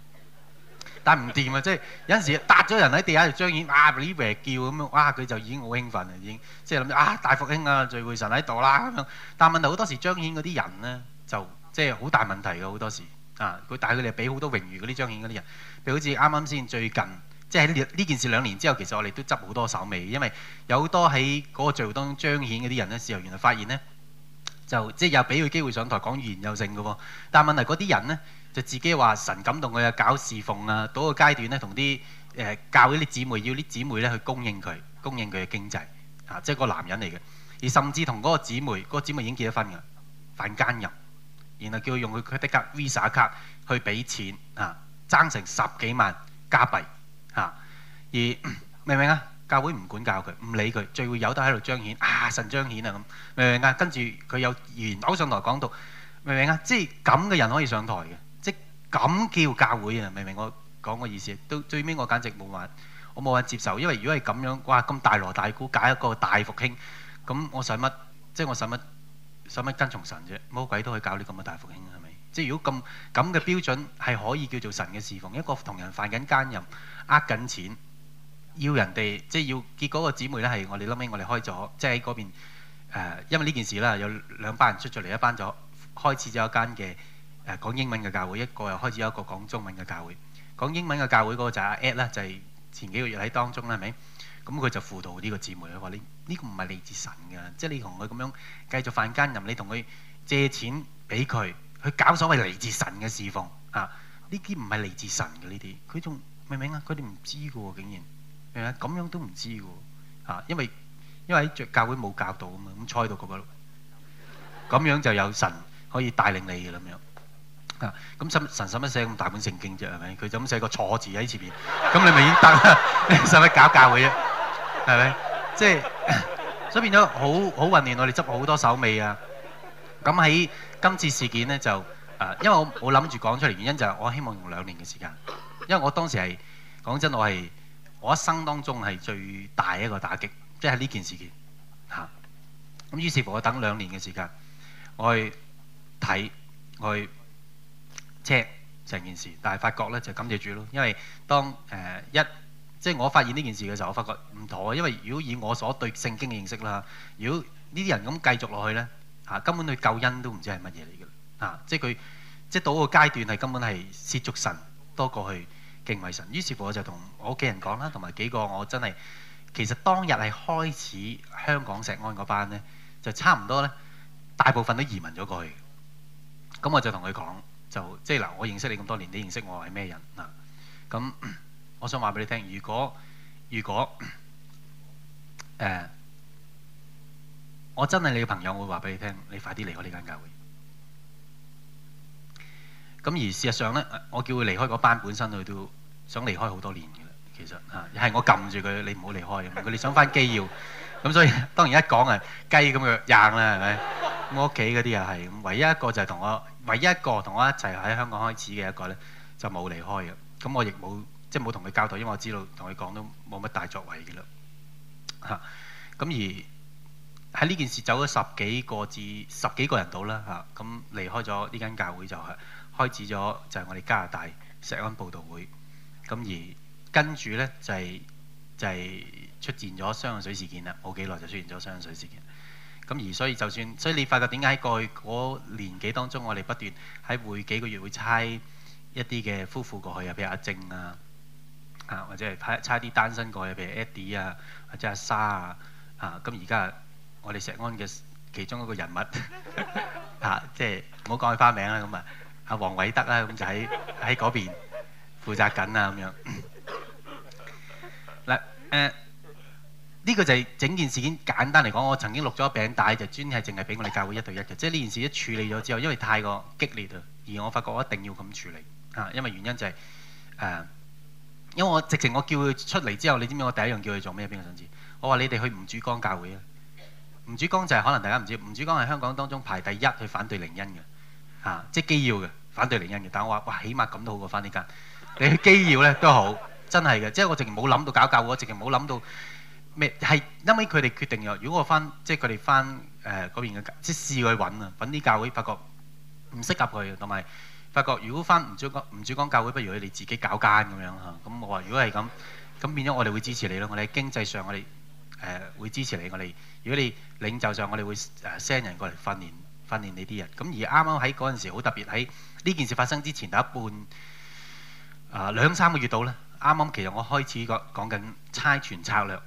但係唔掂啊！即係有陣時搭咗人喺地下就彰顯啊你名叫咁樣，哇佢就已經好興奮啦已經，即係諗住啊大復興啊聚會神喺度啦咁樣。但係問題好多時彰顯嗰啲人咧就即係好大問題㗎好多時。啊！佢但係佢哋俾好多榮譽嗰啲彰顯嗰啲人，譬如好似啱啱先最近，即係呢件事兩年之後，其實我哋都執好多手尾，因為有好多喺嗰個聚會當中彰顯嗰啲人呢，事後原來發現呢，就即係又俾佢機會上台講語言又正嘅喎。但係問題嗰啲人呢，就自己話神感動佢啊，搞侍奉啊，到個階段呢，同啲誒教嗰啲姊妹，要啲姊妹呢去供應佢，供應佢嘅經濟，嚇、啊，即係個男人嚟嘅。而甚至同嗰個姊妹，嗰、那個姊妹已經結咗婚㗎，犯奸淫。然後叫佢用佢佢的卡 Visa 卡去俾錢啊，爭成十幾萬加幣嚇、啊，而明唔明啊？教會唔管教佢，唔理佢，最會有得喺度彰顯啊神彰顯啊咁，明唔明啊？跟住佢有完走上台講道，明唔明啊？即係咁嘅人可以上台嘅，即係咁叫教會啊？明唔明我講個意思？到最尾我簡直冇玩，我冇話接受，因為如果係咁樣，哇咁大鑼大鼓搞一個大復興，咁我使乜？即係我使乜？使乜跟從神啫？魔鬼都可以搞你咁嘅大復興，係咪？即係如果咁咁嘅標準係可以叫做神嘅侍奉，一個同人犯緊奸淫，呃緊錢，要人哋即係要，結果個姊妹咧係我哋後尾我哋開咗，即係喺嗰邊、呃、因為呢件事啦，有兩班人出咗嚟，一班就開始咗一間嘅誒、呃、講英文嘅教會，一個又開始有一個講中文嘅教會，講英文嘅教會嗰個就係阿 Ed 啦，就係前幾個月喺當中啦，係咪？咁佢就輔導呢個姊妹，佢話：你呢、呢個唔係嚟自神嘅，即係你同佢咁樣繼續犯奸淫，你同佢借錢俾佢，去搞所謂嚟自神嘅侍奉啊！呢啲唔係嚟自神嘅呢啲，佢仲明唔明啊？佢哋唔知嘅喎，竟然明明？咁樣都唔知嘅喎啊！因為因為喺教會冇教導啊嘛，咁猜到嗰個，咁樣就有神可以帶領你嘅咁樣啊！咁、啊啊、神神使乜寫咁大本聖經啫？係咪？佢就咁寫個錯字喺前面。咁你咪已經得啦！神 使搞教會啫。係咪？即係，所以變咗好好混亂，我哋執好多手尾啊！咁喺今次事件咧就誒，因為我冇諗住講出嚟，原因就係我希望用兩年嘅時間，因為我當時係講真，我係我一生當中係最大一個打擊，即係喺呢件事件嚇。咁於是乎我等兩年嘅時間，我去睇，我去 check 成件事，但係發覺咧就感謝主咯，因為當誒一。即係我發現呢件事嘅時候，我發覺唔妥，因為如果以我所對聖經嘅認識啦，如果呢啲人咁繼續落去呢，嚇根本佢救恩都唔知係乜嘢嚟嘅啦，即係佢即係到個階段係根本係褻瀆神多過去敬畏神。於是乎我就同我屋企人講啦，同埋幾個我真係其實當日係開始香港石安嗰班呢，就差唔多呢，大部分都移民咗過去。咁、啊、我就同佢講，就即係嗱、啊，我認識你咁多年，你認識我係咩人啊？咁、嗯。我想話俾你聽，如果如果誒，我真係你嘅朋友，我會話俾你聽，你快啲離開呢間教會。咁而事實上咧，我叫佢離開嗰班，本身佢都想離開好多年噶啦。其實係我撳住佢，你唔好離開。佢哋想翻基要咁，所以當然一講誒雞咁嘅硬啦，係咪？我屋企嗰啲又係咁，唯一一個就係同我唯一一個同我一齊喺香港開始嘅一個咧，就冇離開嘅。咁我亦冇。即係冇同佢交代，因為我知道同佢講都冇乜大作為嘅啦。嚇、啊、咁而喺呢件事走咗十幾個至十幾個人到啦嚇，咁離開咗呢間教會就係、是、開始咗就係我哋加拿大石安佈道會咁、啊、而跟住呢，就係、是、就係、是、出現咗雙氧水事件啦。冇幾耐就出現咗雙氧水事件咁、啊、而所以就算所以你發覺點解過去嗰、那個、年幾當中我哋不斷喺每幾個月會差一啲嘅夫婦過去比啊，譬如阿靜啊。啊，或者係差差啲單身過嘅，譬如 Eddie 啊，或者阿莎啊，嚇咁而家我哋石安嘅其中一個人物，嚇即係唔好講佢花名啦，咁啊，阿黃偉德啦、啊，咁、嗯、就喺喺嗰邊負責緊啊，咁樣嗱誒，呢、 啊啊呢個就係整件事件簡單嚟講，我曾經錄咗餅帶，就是、專係淨係俾我哋教會一對一嘅，即係呢件事一處理咗之後，因為太過激烈啊，而我發覺我一定要咁處理啊，因為原因就係、是、誒。啊因為我直情我叫佢出嚟之後，你知唔知我第一樣叫佢做咩？邊個想知？我話你哋去吳主光教會啊！吳主光就係、是、可能大家唔知，吳主光係香港當中排第一去反對靈恩嘅，嚇、啊，即基要嘅，反對靈恩嘅。但係我話，哇，起碼咁都好過翻呢間。你去基要咧都好，真係嘅。即我直情冇諗到搞教會，我直情冇諗到咩係，因為佢哋決定咗，如果我翻，即佢哋翻誒嗰邊嘅，即試過去揾啊，揾啲教會，發覺唔適合佢，同埋。發覺如果翻吳主光，吳主光教會，不如你哋自己搞間咁樣嚇。咁我話如果係咁，咁變咗我哋會支持你咯。我哋喺經濟上我哋誒會支持你。我哋、呃、如果你領袖上我哋會誒 send、呃、人過嚟訓練訓練你啲人。咁而啱啱喺嗰陣時好特別，喺呢件事發生之前第一半啊、呃、兩三個月到咧。啱啱其實我開始講講緊猜拳策略誒呢、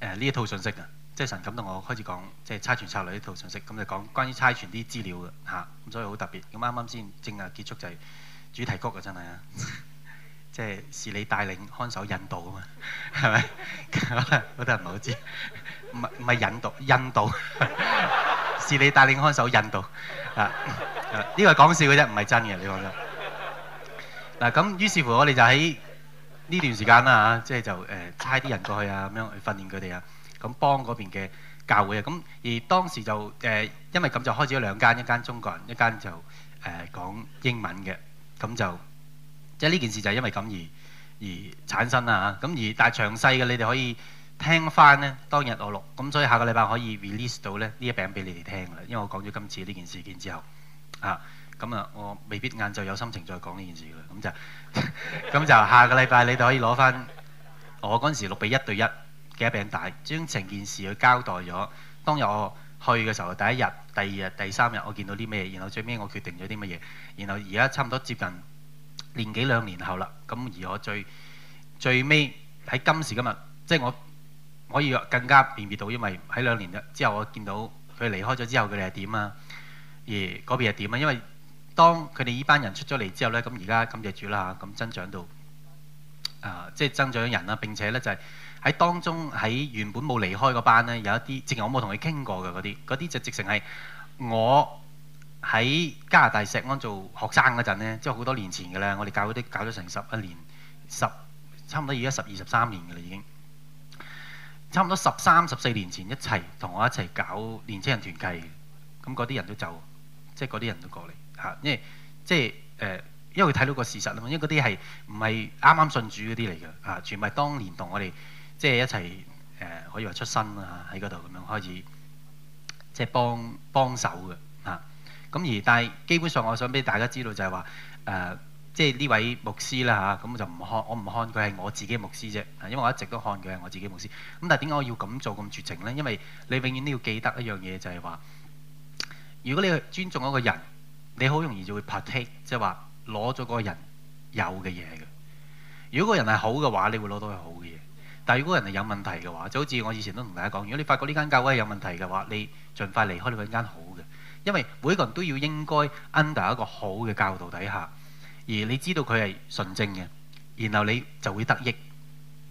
呃、一套信息嘅。即係神感動我開始講，即係差傳策略呢套信息，咁就講關於差傳啲資料嘅嚇，咁所以好特別。咁啱啱先正話結束就係主題曲啊，真係，即係是你帶領看守印度啊嘛，係咪？我都唔係好知，唔係唔係印度，印度，是你帶領看守印度啊！呢個講笑嘅啫，唔係真嘅，你講真。嗱咁，於是乎我哋就喺呢段時間啦嚇，即係就誒差啲人過去啊，咁樣去訓練佢哋啊。咁幫嗰邊嘅教會啊，咁而當時就誒、呃，因為咁就開始咗兩間，一間中國人，一間就誒講、呃、英文嘅，咁就即係呢件事就係因為咁而而產生啦嚇。咁、啊、而但係詳細嘅你哋可以聽翻呢，當日我錄，咁、嗯、所以下個禮拜可以 release 到咧呢一餅俾你哋聽㗎啦。因為我講咗今次呢件事件之後，嚇咁啊、嗯，我未必晏晝有心情再講呢件事㗎啦。咁就咁 就下個禮拜你哋可以攞翻我嗰陣時錄俾一對一。嘅病大，將成件事去交代咗。當日我去嘅時候，第一日、第二日、第三日，我見到啲咩？然後最尾我決定咗啲乜嘢？然後而家差唔多接近年幾兩年後啦。咁而我最最尾喺今時今日，即係我可以更加辨別到，因為喺兩年之後，我見到佢離開咗之後，佢哋係點啊？而嗰邊係點啊？因為當佢哋依班人出咗嚟之後呢，咁而家感謝主啦嚇，咁增長到、呃、即係增長人啦。並且呢就係、是。喺當中喺原本冇離開嗰班呢，有一啲直情我冇同佢傾過嘅嗰啲，嗰啲就直情係我喺加拿大錫安做學生嗰陣呢，即係好多年前嘅啦，我哋搞嗰啲搞咗成十一年，十差唔多而家十二十三年嘅啦已經，差唔多十三十四年前一齊同我一齊搞年青人團契，咁嗰啲人都走，即係嗰啲人都過嚟吓，因為即係誒，因為佢睇到個事實啊嘛，因為嗰啲係唔係啱啱信主嗰啲嚟嘅啊，全部係當年同我哋。即係一齊誒、呃，可以話出身啦，喺嗰度咁樣開始，即、就、係、是、幫幫手嘅嚇。咁、啊、而但係基本上，我想俾大家知道就係話誒，即係呢位牧師啦嚇，咁、啊嗯、就唔看我唔看佢係我自己牧師啫、啊，因為我一直都看佢係我自己牧師。咁、啊、但係點解我要咁做咁絕情呢？因為你永遠都要記得一樣嘢，就係話如果你去尊重一個人，你好容易就會 partake，即係話攞咗個人有嘅嘢嘅。如果個人係好嘅話，你會攞到佢好嘅嘢。但係如果人係有問題嘅話，就好似我以前都同大家講，如果你發覺呢間教會有問題嘅話，你盡快離開，你揾間好嘅，因為每一個人都要應該 under 一個好嘅教導底下，而你知道佢係純正嘅，然後你就會得益。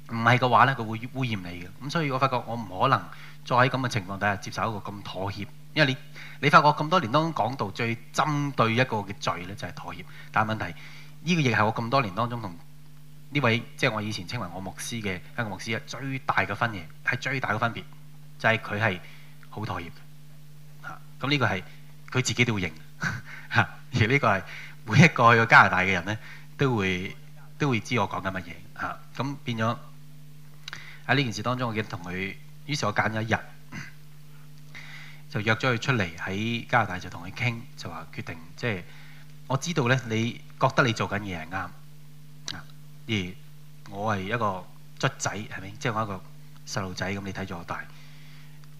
唔係嘅話呢，佢會污染你嘅。咁所以我發覺我唔可能再喺咁嘅情況底下接受一個咁妥協，因為你你發覺我咁多年當中講道最針對一個嘅罪呢，就係妥協。但係問題呢個亦係我咁多年當中同。呢位即係我以前稱為我牧師嘅一個牧師，就是、是啊，最大嘅分野係最大嘅分別，就係佢係好妥協咁，呢個係佢自己都會認、啊、而呢個係每一個去過加拿大嘅人呢，都會都會知我講緊乜嘢嚇。咁、啊、變咗喺呢件事當中，我記得同佢，於是我，我揀咗一日就約咗佢出嚟喺加拿大就同佢傾，就話決定即係、就是，我知道呢，你覺得你做緊嘢係啱。而我係一個卒仔，係咪？即係我一個細路仔咁，你睇住我大。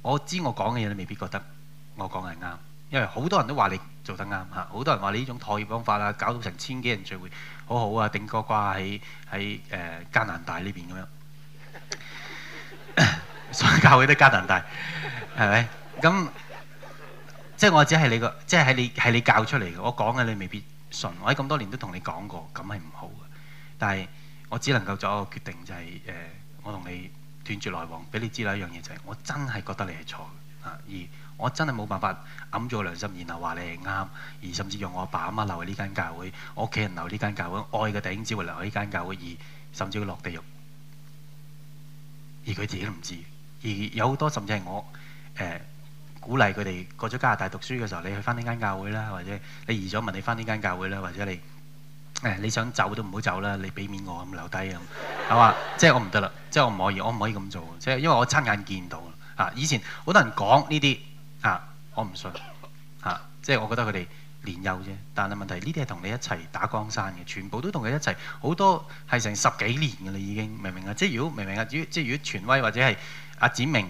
我知我講嘅嘢你未必覺得我講嘅係啱，因為好多人都話你做得啱嚇，好多人話你呢種妥協方法啊，搞到成千幾人聚會，好好啊，定個掛喺喺誒加拿大呢邊咁樣。 所以教會都加拿大係咪？咁即係我只係你個，即係喺你係你教出嚟嘅。我講嘅你未必信，我喺咁多年都同你講過，咁係唔好嘅，但係，我只能夠作一個決定，就係、是、誒、呃，我同你斷絕來往，俾你知啦一樣嘢就係、是，我真係覺得你係錯嘅啊！而我真係冇辦法揞住良心，然後話你係啱，而甚至用我爸阿媽留喺呢間教會，我屋企人留呢間教會，愛嘅弟兄只會留喺呢間教會，而甚至會落地獄，而佢自己都唔知。而有好多甚至係我誒、呃、鼓勵佢哋過咗加拿大讀書嘅時候，你去翻呢間教會啦，或者你移咗問你翻呢間教會啦，或者你。誒，你想走都唔好走啦，你俾面、 就是、我咁留低咁，係嘛？即係我唔得啦，即係我唔可以，我唔可以咁做，即、就、係、是、因為我親眼見到啊！以前好多人講呢啲啊，我唔信啊，即、就、係、是、我覺得佢哋年幼啫。但係問題呢啲係同你一齊打江山嘅，全部都同佢一齊，好多係成十幾年嘅啦已經，明唔明啊？即係如果明唔明啊？如即係如果權威或者係阿展明。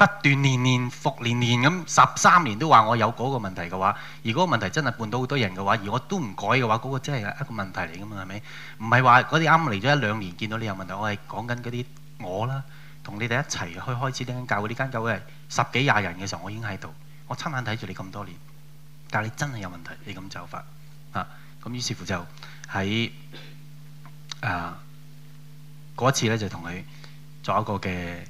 不斷年年復年年咁十三年都話我有嗰個問題嘅話，如果問題真係伴到好多人嘅話，而我都唔改嘅話，嗰、嗰個真係一個問題嚟噶嘛，係咪？唔係話嗰啲啱嚟咗一兩年見到你有問題，我係講緊嗰啲我啦，同你哋一齊去開始啲教會呢間教會係十幾廿人嘅時候，我已經喺度，我親眼睇住你咁多年，但係你真係有問題，你咁走法啊？咁於是乎就喺啊嗰次咧就同佢做一個嘅。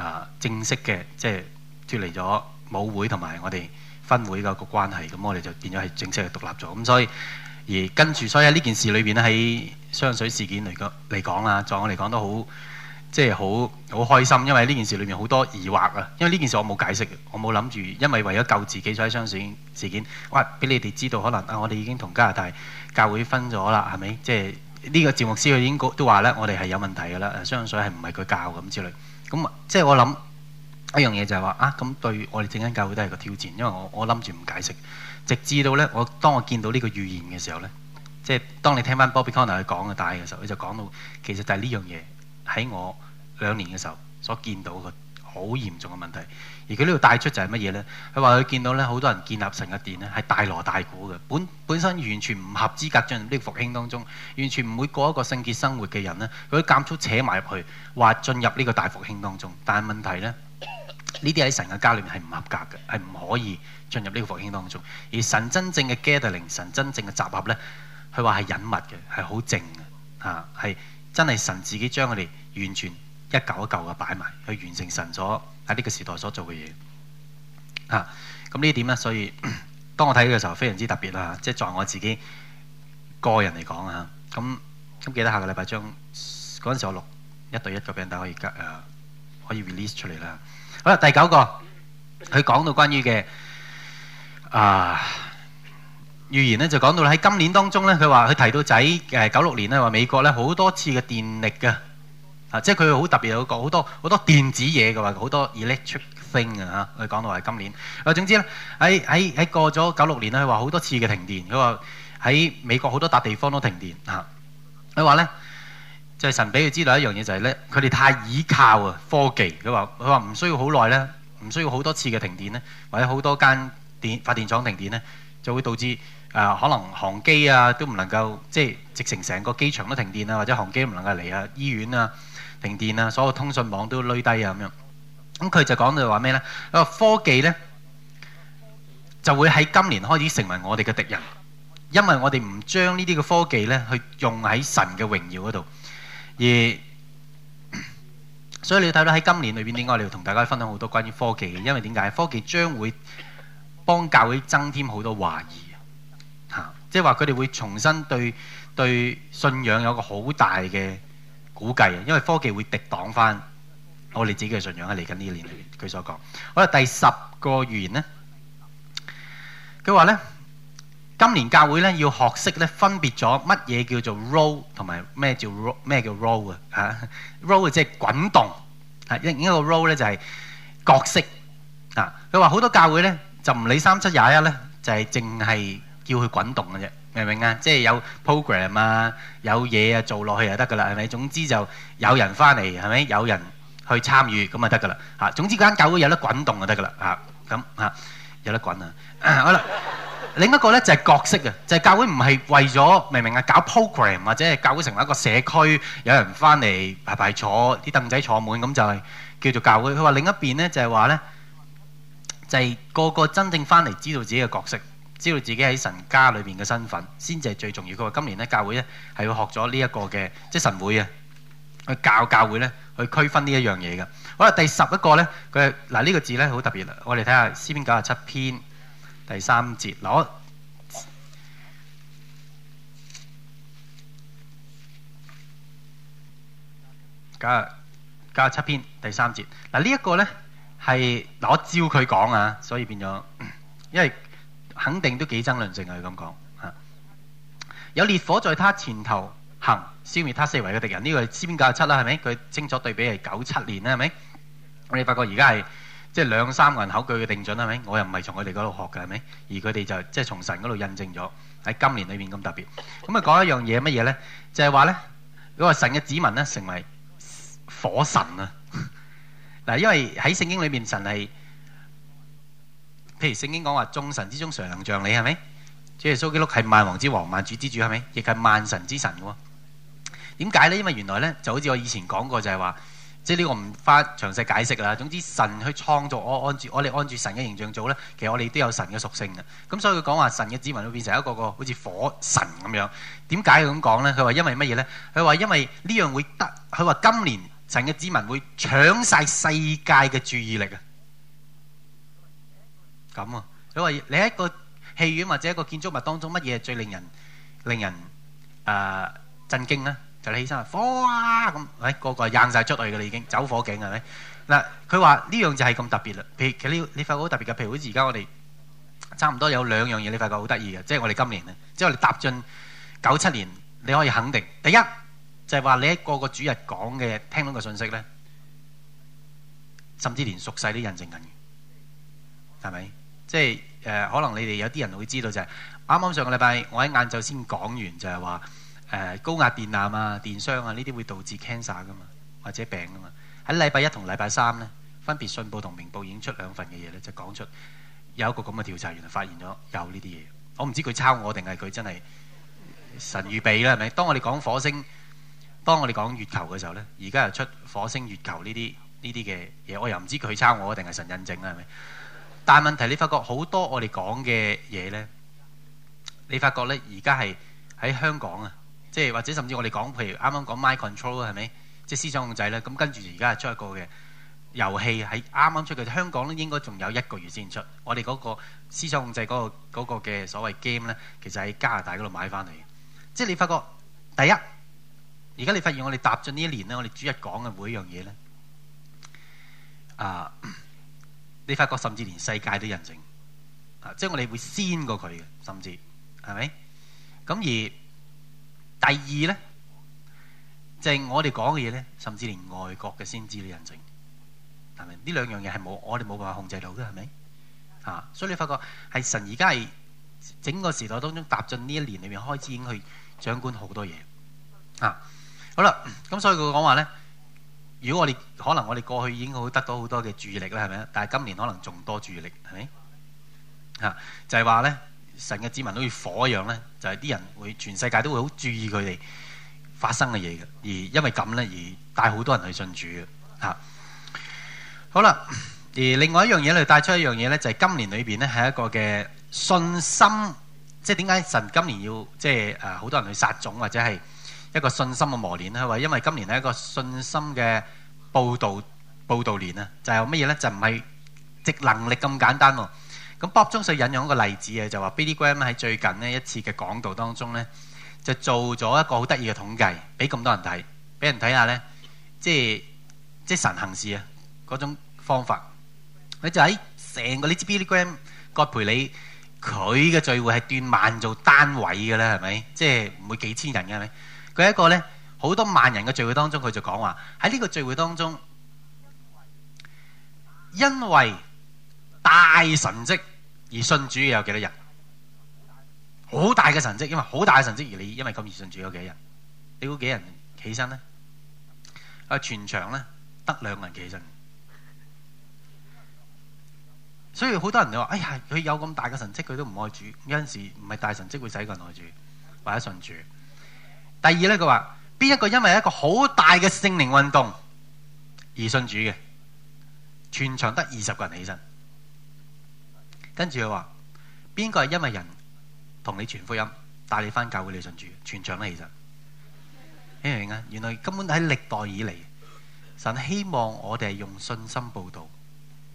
啊！正式嘅即係脫離咗母會同埋我哋分會嘅個關係，咁我哋就變咗係正式嘅獨立咗。咁所以而跟住，所以喺呢件事裏邊咧，喺雙水事件嚟講嚟講啦，在我嚟講都好即係好好開心，因為喺呢件事裏面好多疑惑啊。因為呢件事我冇解釋我冇諗住，因為為咗救自己所以雙水事件，哇！俾你哋知道，可能啊，我哋已經同加拿大教會分咗啦，係咪？即係。呢個節目師佢已經都話咧，我哋係有問題㗎啦，相信所以係唔係佢教咁之類。咁、就是、啊，即係我諗一樣嘢就係話啊，咁對我哋正間教會都係一個挑戰，因為我我諗住唔解釋，直至到咧我當我見到呢個預言嘅時候咧，即係當你聽翻 Bobby Conner 佢講嘅帶嘅時候，佢就講到其實就係呢樣嘢喺我兩年嘅時候所見到嘅。好嚴重嘅問題，而佢呢度帶出就係乜嘢呢？佢話佢見到呢好多人建立神嘅殿呢係大鑼大鼓嘅，本本身完全唔合資格進入呢個復興當中，完全唔會過一個聖潔生活嘅人呢佢都監督扯埋入去，話進入呢個大復興當中，但係問題呢，呢啲喺神嘅家裏面係唔合格嘅，係唔可以進入呢個復興當中。而神真正嘅 gathering，神真正嘅集合呢，佢話係隱密嘅，係好靜嘅，嚇係真係神自己將佢哋完全。一嚿一嚿嘅擺埋，去完成神所喺呢個時代所做嘅嘢嚇。咁、啊、呢點咧？所以當我睇嘅時候，非常之特別啊！即係在我自己個人嚟講啊，咁咁記得下個禮拜將嗰陣時我錄一對一嘅畀大家可以加、呃、可以 release 出嚟啦、啊。好啦，第九個，佢講到關於嘅啊預言咧，就講到喺今年當中咧，佢話佢提到仔，誒九六年咧，話美國咧好多次嘅電力嘅。即係佢好特別，有講好多好多電子嘢嘅話，好多 electric thing 啊！嚇，佢講到話今年。啊，總之咧，喺喺喺過咗九六年咧，佢話好多次嘅停電。佢話喺美國好多笪地方都停電啊。佢話咧，就係、神俾佢知道一樣嘢就係、係、咧，佢哋太倚靠啊科技。佢話佢話唔需要好耐咧，唔需要好多次嘅停電咧，或者好多間電發電廠停電咧，就會導致啊、呃、可能航機啊都唔能夠即係直成成個機場都停電啊，或者航機唔能夠嚟啊醫院啊。停電啊！所有通訊網都攣低啊！咁樣，咁佢就講到話咩呢？啊，科技呢，就會喺今年開始成為我哋嘅敵人，因為我哋唔將呢啲嘅科技呢去用喺神嘅榮耀嗰度，而所以你睇到喺今年裏邊點解我哋要同大家分享好多關於科技嘅？因為點解？科技將會幫教會增添好多懷疑啊！即係話佢哋會重新對對信仰有個好大嘅。估計啊，因為科技會敵擋翻我哋自己嘅信仰啊！嚟緊呢一年，佢所講，好啦，第十個預言咧，佢話咧，今年教會咧要學識咧分別咗乜嘢叫做 roll 同埋咩叫 roll，咩叫 roll 啊？嚇，roll 即係滾動啊，一個 roll 咧就係角色啊。佢話好多教會咧就唔理三七廿一咧，就係淨係叫佢滾動嘅啫。明唔明啊？即係有 program 啊，有嘢啊做落去就得噶啦，係咪？總之就有人翻嚟，係咪？有人去參與，咁啊得噶啦。嚇，總之間教會有得滾動就得噶啦。嚇，咁嚇有得滾啊。好啦，另一個呢就係角色啊，就係教會唔係為咗明唔明啊？搞 program 或者係教會成為一個社區，有人翻嚟排排坐，啲凳仔坐滿，咁就係叫做教會。佢話另一邊呢就係話呢，就係個個真正翻嚟知道自己嘅角色，知道自己喺神家裏邊嘅身份，先至係最重要。佢話今年咧，教會咧係要學咗呢一個嘅，即係神會啊，去教教會咧，去區分呢一樣嘢嘅。好啦，第十一個咧，佢係嗱呢個字咧好特別啦。我哋睇下詩篇九十七篇第三節，嗱，我九十七篇第三節，嗱，呢一個咧係，嗱，我照佢講啊，所以變咗因為。肯定都幾爭論性啊！佢咁講嚇，有烈火在他前頭行，消滅他四圍嘅敵人。呢、這個係《詩篇》九七啦，係咪？佢清楚對比係九七年啦，係咪？我哋發覺而家係即係兩三個人口句嘅定準啦，係咪？我又唔係從佢哋嗰度學嘅，係咪？而佢哋就即係從神嗰度印證咗喺今年裏面咁特別。咁啊講一樣嘢乜嘢咧？就係話咧，嗰、那個神嘅子民咧成為火神啊！嗱， 因為喺聖經裏面神係。譬如聖經講話，眾神之中誰能像你，係咪？即係耶穌基督係萬王之王、萬主之主，係咪？亦係萬神之神嘅喎？點解呢？因為原來呢，就好似我以前講過就係、是、話，即係呢個唔法詳細解釋啦。總之神去創造我，按住我哋按住神嘅形象做呢，其實我哋都有神嘅屬性嘅。咁所以佢講話，神嘅子民會變成一個個好似火神咁樣。點解佢咁講呢？佢話因為乜嘢呢？佢話因為呢樣會得。佢話今年神嘅子民會搶晒世界嘅注意力啊！咁啊！佢話你喺個戲院或者個建築物當中，乜嘢最令人令人誒震驚咧？就你起身啦，哇咁！誒個個掙曬出去嘅啦，已經走火警係咪？嗱，佢話呢樣就係咁特別啦。譬如其實你你發覺好特別嘅，譬如好似而家我哋差唔多有兩樣嘢，你發覺好得意嘅，即係我哋今年啊，即係我哋踏進九七年，你可以肯定，第一就係話你喺個個主日講嘅聽到嘅信息咧，甚至連熟細都印證緊，係咪？即係誒、呃，可能你哋有啲人會知道就係、是，啱啱上個禮拜我喺晏晝先講完就，就係話誒高壓電纜啊、電商啊呢啲會導致 cancer 噶嘛，或者病噶嘛。喺禮拜一同禮拜三呢，分別信報同明報已經出兩份嘅嘢咧，就講出有一個咁嘅調查員發現咗有呢啲嘢。我唔知佢抄我定係佢真係神預備啦，係咪？當我哋講火星，當我哋講月球嘅時候呢，而家又出火星、月球呢啲呢啲嘅嘢，我又唔知佢抄我定係神印證啦，係咪？但問題，你發覺好多我哋講嘅嘢呢，你發覺呢？而家係喺香港啊，即係或者甚至我哋講，譬如啱啱講 mind control 係咪，即係思想控制呢。咁跟住而家係出一個嘅遊戲喺啱啱出嘅，香港呢應該仲有一個月先出。我哋嗰個思想控制嗰個嗰個嘅所謂 game 呢，其實喺加拿大嗰度買翻嚟。即係你發覺第一，而家你發現我哋踏進呢一年呢，我哋主要講嘅每一樣嘢呢。啊。你發覺甚至連世界都認證，啊！即係我哋會先過佢嘅，甚至係咪？咁而第二呢，就係、是、我哋講嘅嘢呢，甚至連外國嘅先知都認證，係咪？呢兩樣嘢係冇我哋冇辦法控制到嘅，係咪？啊！所以你發覺係神而家係整個時代當中踏進呢一年裏面開始已經去掌管好多嘢，啊！好啦，咁所以佢講話呢。如果我哋可能我哋過去已經好得到好多嘅注意力咧，係咪？但係今年可能仲多注意力，係咪？嚇，就係話咧，神嘅子民好似火一樣咧，就係、是、啲人會全世界都會好注意佢哋發生嘅嘢嘅，而因為咁咧，而帶好多人去信主嘅嚇。好啦，而另外一樣嘢嚟帶出一樣嘢咧，就係、是、今年裏邊咧係一個嘅信心，即係點解神今年要即係誒好多人去撒種或者係？一個信心嘅磨練啦，話因為今年係一個信心嘅報導報導年、就是、有啊，就係乜嘢咧？就唔係隻能力咁簡單喎。咁 Bob 中水引用一個例子啊，就話、是、Billy Graham 喺最近咧一次嘅講道當中咧，就做咗一個好得意嘅統計，俾咁多人睇，俾人睇下咧，即係即神行事啊嗰種方法。佢就喺成、哎、個呢支 Billy Graham 個陪你佢嘅聚會係斷萬做單位㗎啦，係咪？即係唔會幾千人㗎，係咪？佢一個咧好多萬人嘅聚會當中，佢就講話喺呢個聚會當中，因為大神蹟而信主有幾多人？好大嘅神蹟，因為好大嘅神蹟而你因為咁而信主有幾人？你估幾人起身呢？啊，全場呢，得兩個人起身。所以好多人就話：哎呀，佢有咁大嘅神蹟，佢都唔愛主。有陣時唔係大神蹟會使人愛主或者信主。第二咧，佢話邊一個因為一個好大嘅聖靈運動而信主嘅，全場得二十個人起身。跟住佢話邊個係因為人同你傳福音帶你翻教會你信主，全場都起身。明唔明啊？原來根本喺歷代以嚟，神希望我哋用信心報道，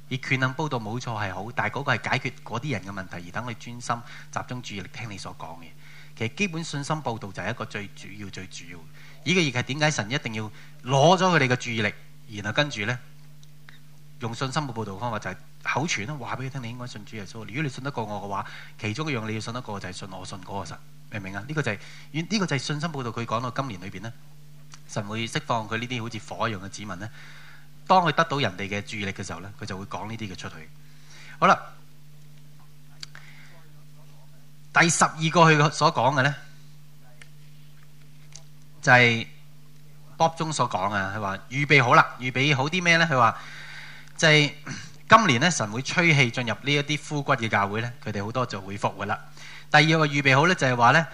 而權能報道冇錯係好，但係嗰個係解決嗰啲人嘅問題，而等你專心集中注意力聽你所講嘅。其實基本信心報導就係一個最主要、最主要。呢個亦係點解神一定要攞咗佢哋嘅注意力，然後跟住呢，用信心報報導方法就係口傳啦，話俾佢聽，你應該信主耶穌。如果你信得過我嘅話，其中一樣你要信得過就係信我，信嗰個神，明唔明啊？呢個就係，呢個就係信心報導。佢講到今年裏邊呢，神會釋放佢呢啲好似火一樣嘅子民呢，當佢得到人哋嘅注意力嘅時候呢，佢就會講呢啲嘅出去。好啦。第十二個佢所講嘅呢，就係、是、Bob Jones 所講啊。佢話預備好啦，預備好啲咩呢？佢話就係、是、今年呢，神會吹氣進入呢一啲枯骨嘅教會呢，佢哋好多就會復活啦。第二個預備好呢，就係話呢，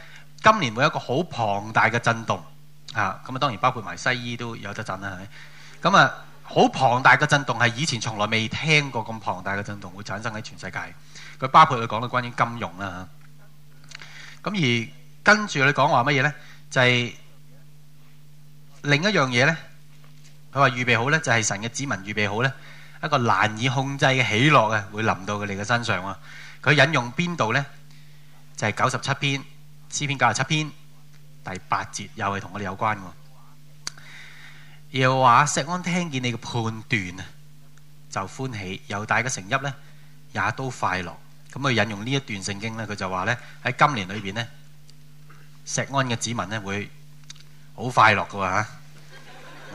今年會有一個好龐大嘅震動啊。咁啊，當然包括埋西醫都有得震啦。咁啊，好、啊、龐大嘅震動係以前從來未聽過咁龐大嘅震動會產生喺全世界。佢包括佢講到關於金融啦、啊咁而跟住佢講話乜嘢呢？就係、是、另一樣嘢呢。佢話預備好呢，就係、是、神嘅子民預備好呢，一個難以控制嘅喜樂啊，會臨到佢哋嘅身上喎。佢引用邊度呢？就係九十七篇詩篇九十七篇第八節，又係同我哋有關嘅。又話錫安聽見你嘅判斷啊，就歡喜，猶大嘅城邑呢，也都快樂。咁佢引用呢一段聖經咧，佢就話咧，喺今年裏邊咧，石安嘅子民咧會好快樂嘅喎嚇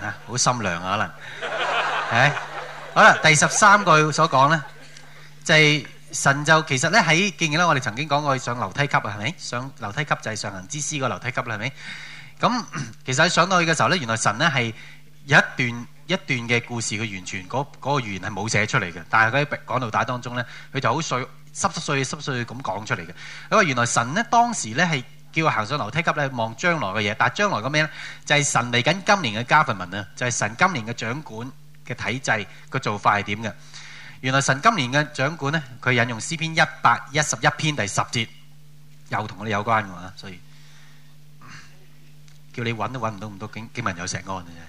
啊！好心涼啊，可能係好啦。第十三句所講咧，就係神就其實咧喺見見咧，我哋曾經講過上樓梯級啊，係咪上樓梯級就係上行之師個樓梯級啦，係咪？咁其實上到去嘅時候咧，原來神咧係有一段一段嘅故事，佢完全嗰嗰個語言係冇寫出嚟嘅，但係喺講道打當中咧，佢就好碎。濕濕碎濕碎咁講出嚟嘅，佢話，原來神咧當時咧係叫行上樓梯級咧望將來嘅嘢，但係將來個咩咧就係神嚟緊今年嘅加份文啊，就係神今年嘅掌管嘅體制個做法係點嘅？原來神今年嘅掌管咧，佢引用詩篇一百一十一篇第十節，又同我哋有關嘅嘛，所以叫你揾都揾唔到咁多經文有成安嘅啫。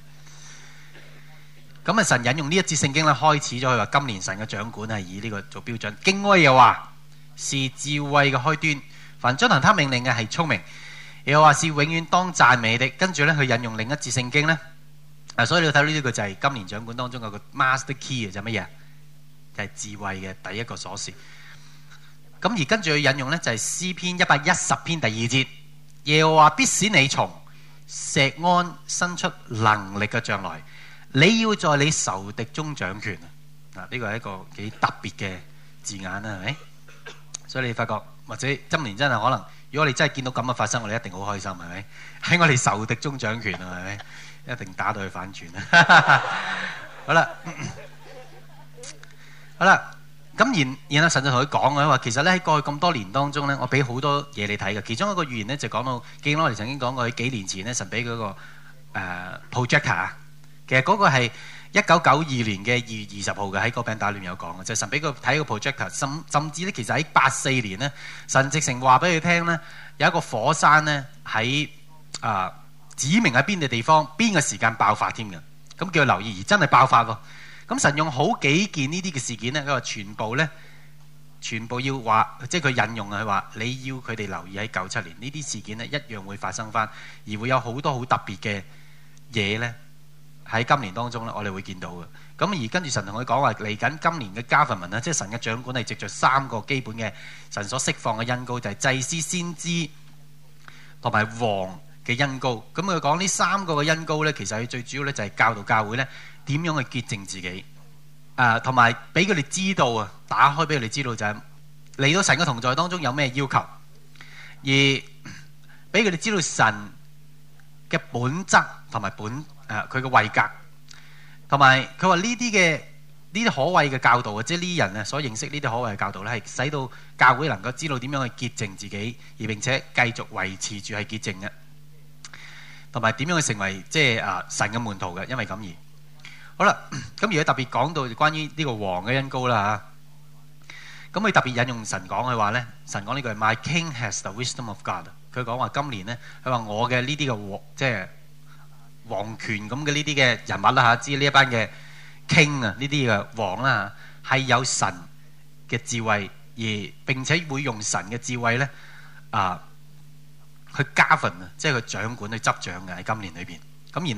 咁啊！神引用呢一節聖經啦，開始咗，佢話今年神嘅掌管係以呢個做標準。敬畏又話是智慧嘅開端，凡遵行他命令嘅係聰明。又話是永遠當讚美的。跟住咧，佢引用另一節聖經咧，嗱，所以你要睇呢個就係今年掌管當中嘅個 master key 嘅，就乜嘢？就係智慧嘅第一個鎖匙。咁而跟住佢引用咧，就係詩篇一百一十篇第二節，耶和華必使你從錫安伸出能力嘅將來。你要在你仇敵中掌權啊！嗱，呢個係一個幾特別嘅字眼啦，係咪？所以你發覺，或者今年真係可能，如果你真係見到咁嘅發生，我哋一定好開心，係咪？喺我哋仇敵中掌權啊，係咪？ 一定打到佢反轉啊！ 好啦了， 好啦，咁然然後神就同佢講啊，話其實咧喺過去咁多年當中咧，我俾好多嘢你睇嘅。其中一個預言咧就講到，記唔記得我哋曾經講過喺幾年前咧，神俾嗰、嗰個、uh, projector。其實嗰個係一九九二年嘅二月二十號嘅喺個餅打亂有講嘅，就係、神俾佢睇個 projector，甚甚至咧，其實喺八四年咧，神直情話俾佢聽咧，有一個火山咧喺啊指明喺邊個地方，邊個時間爆發添嘅，咁叫佢留意而真係爆發喎。咁神用好幾件呢啲嘅事件咧，佢話全部咧，全部要話即係佢引用係話你要佢哋留意喺九七年呢啲事件咧一樣會發生翻，而會有好多好特別嘅嘢咧。喺今年當中咧，我哋會見到嘅，咁而跟住神同佢講話嚟緊今年嘅 government 咧，即係神嘅掌管係藉著三個基本嘅神所釋放嘅恩膏，就係、是、祭司、先知同埋王嘅恩膏。咁佢講呢三個嘅恩膏咧，其實佢最主要咧就係教導教會咧點樣去潔淨自己，誒同埋俾佢哋知道啊，打開俾佢哋知道就係、是、嚟到神嘅同在當中有咩要求，而俾佢哋知道神嘅本質同埋本。啊！佢嘅位格，同埋佢話呢啲嘅呢啲可畏嘅教導啊，即係呢啲人啊所認識呢啲可畏嘅教導咧，係使到教會能夠知道點樣去潔淨自己，而並且繼續維持住係潔淨嘅，同埋點樣去成為即係啊神嘅門徒嘅，因為咁而好啦。咁而家特別講到關於呢個王嘅恩膏啦吓，咁佢特別引用神講嘅話咧，神講呢句 My King has the wisdom of God。佢講話今年呢，佢話我嘅呢啲嘅王即係。就是王權咁嘅呢啲嘅人物啦吓，知呢一班嘅傾啊，呢啲嘅王啊，係有神嘅智慧而並且會用神嘅智慧咧啊、呃、去加分，啊，即係佢掌管去執掌嘅喺今年裏邊。咁然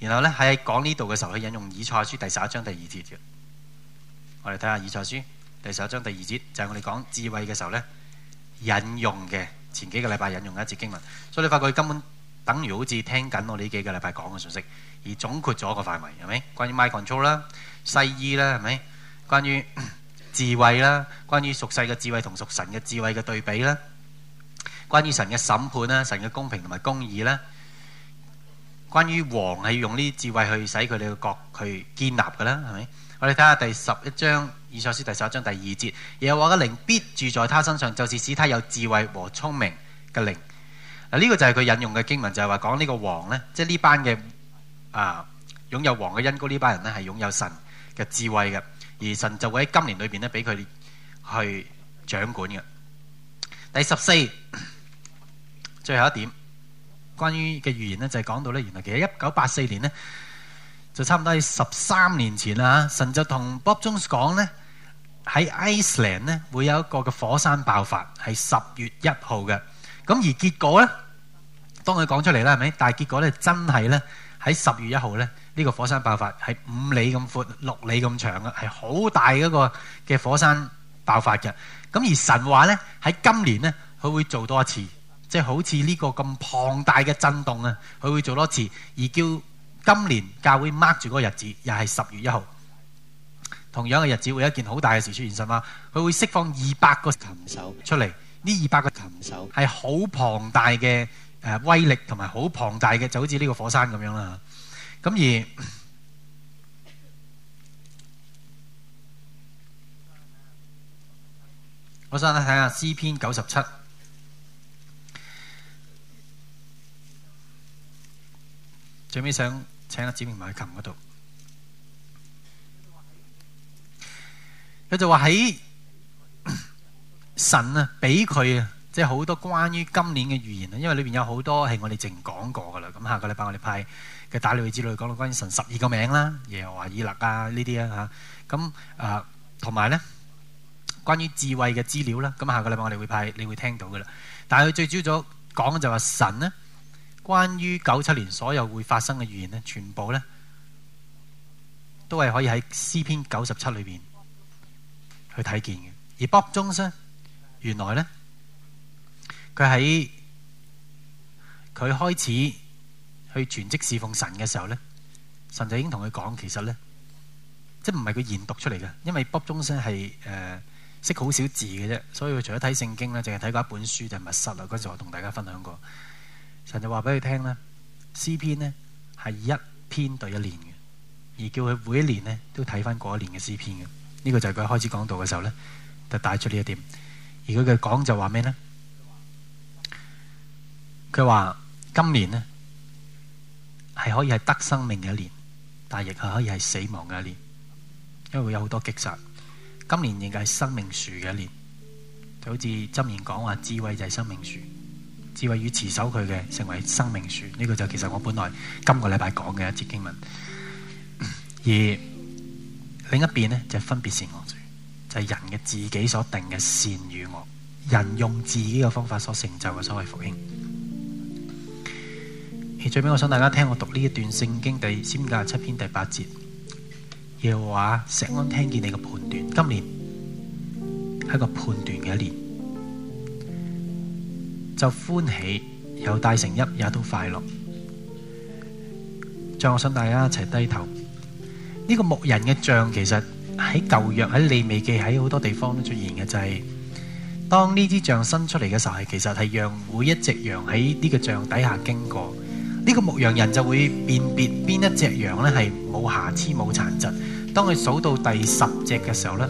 咧，然後咧喺講呢度嘅時候，佢引用以賽書第十一章第二節嘅。我哋睇下以賽書第十一章第二節，就係、是、我哋講智慧嘅時候咧引用嘅前幾個禮拜引用嘅一節經文。所以你發覺佢根本。等於好似聽緊我呢幾個禮拜講嘅信息，而總括咗個範圍，係咪？關於 mind control 啦、西醫啦，係咪？關於智慧啦，關於屬世嘅智慧同屬神嘅智慧嘅對比啦，關於神嘅審判啦，神嘅公平同埋公義啦，關於王係要用呢啲智慧去使佢哋嘅國去建立嘅啦，係咪？我哋睇下第十一章《以賽亞書》第十一章第二節，耶和華嘅靈必住在他身上，就是使他有智慧和聰明嘅靈。嗱，呢個就係佢引用嘅經文，就係話講呢個王呢，即係呢班嘅啊，擁有王嘅恩膏呢班人呢，係擁有神嘅智慧嘅，而神就會喺今年裏邊呢，俾佢去掌管嘅。第十四，最後一點關於嘅預言呢，就係講到呢，原來其實一九八四年呢，就差唔多係十三年前啦。神就同 Bob Jones 講呢，喺 Iceland 呢會有一個嘅火山爆發，係十月一號嘅。咁而結果呢，當佢講出嚟啦，係咪？但係結果呢，真係呢，喺十月一號呢，呢呢個火山爆發係五里咁闊、六里咁長嘅，係好大一個嘅火山爆發嘅。咁而神話呢，喺今年呢，佢會做多一次，即係好似呢個咁龐大嘅震動啊，佢會做多一次，而叫今年教會 mark 住嗰個日子，又係十月一號。同樣嘅日子會有一件好大嘅事出現，神話，佢會釋放二百個禽獸出嚟。呢二百個琴手係好龐大嘅誒威力，同埋好龐大嘅，就好似呢個火山咁樣啦。咁而我想睇下詩篇九十七，最尾想請阿子明埋去琴嗰度，佢就話喺。神啊，俾佢啊，即係好多關於今年嘅預言啦，因為裏邊有好多係我哋淨講過噶啦。咁下個禮拜我哋派嘅打理會資料講到關於神十二個名啦，耶和華以勒啊呢啲啊吓。咁啊，同埋咧，關於智慧嘅資料啦。咁下個禮拜我哋會派，你會聽到噶啦。但係佢最主要咗講嘅就話神咧，關於九七年所有會發生嘅預言咧，全部咧都係可以喺詩篇九十七裏邊去睇見嘅。而 Bob Jones。原來呢，佢喺佢開始去全職侍奉神嘅時候呢，神就已經同佢講，其實呢，即係唔係佢研讀出嚟嘅，因為卜中生係誒識好少字嘅啫，所以佢除咗睇聖經呢，淨係睇過一本書就係、是《密室》啊。嗰陣我同大家分享過，神就話俾佢聽呢，《詩篇》呢，係一篇對一年嘅，而叫佢每一年呢都睇翻嗰一年嘅詩篇嘅。呢、這個就係佢開始講道嘅時候呢，就帶出呢一點。而佢嘅講就話咩呢？佢話今年呢係可以係得生命嘅一年，但係亦係可以係死亡嘅一年，因為會有好多擊殺。今年亦係生命樹嘅一年，就好似箴言講話智慧就係生命樹，智慧與持守佢嘅，成為生命樹。呢、這個就其實我本來今個禮拜講嘅一節經文。而另一邊呢，就是、分別是我。係人嘅自己所定嘅善與惡，人用自己嘅方法所成就嘅所謂復興。而最尾，我想大家聽我讀呢一段聖經第《九十七篇》第八節嘅話：錫安聽見你嘅判斷，今年係個判斷嘅一年，就歡喜有大成一，也都快樂。再，我想大家一齊低頭。呢、這個牧人嘅像其實。喺舊約，喺利未記，喺好多地方都出現嘅，就係當呢支杖伸出嚟嘅時候，係其實係讓每一隻羊喺呢個杖底下經過呢、這個牧羊人就會辨別邊一隻羊呢，係冇瑕疵冇殘疾，當佢數到第十隻嘅時候呢，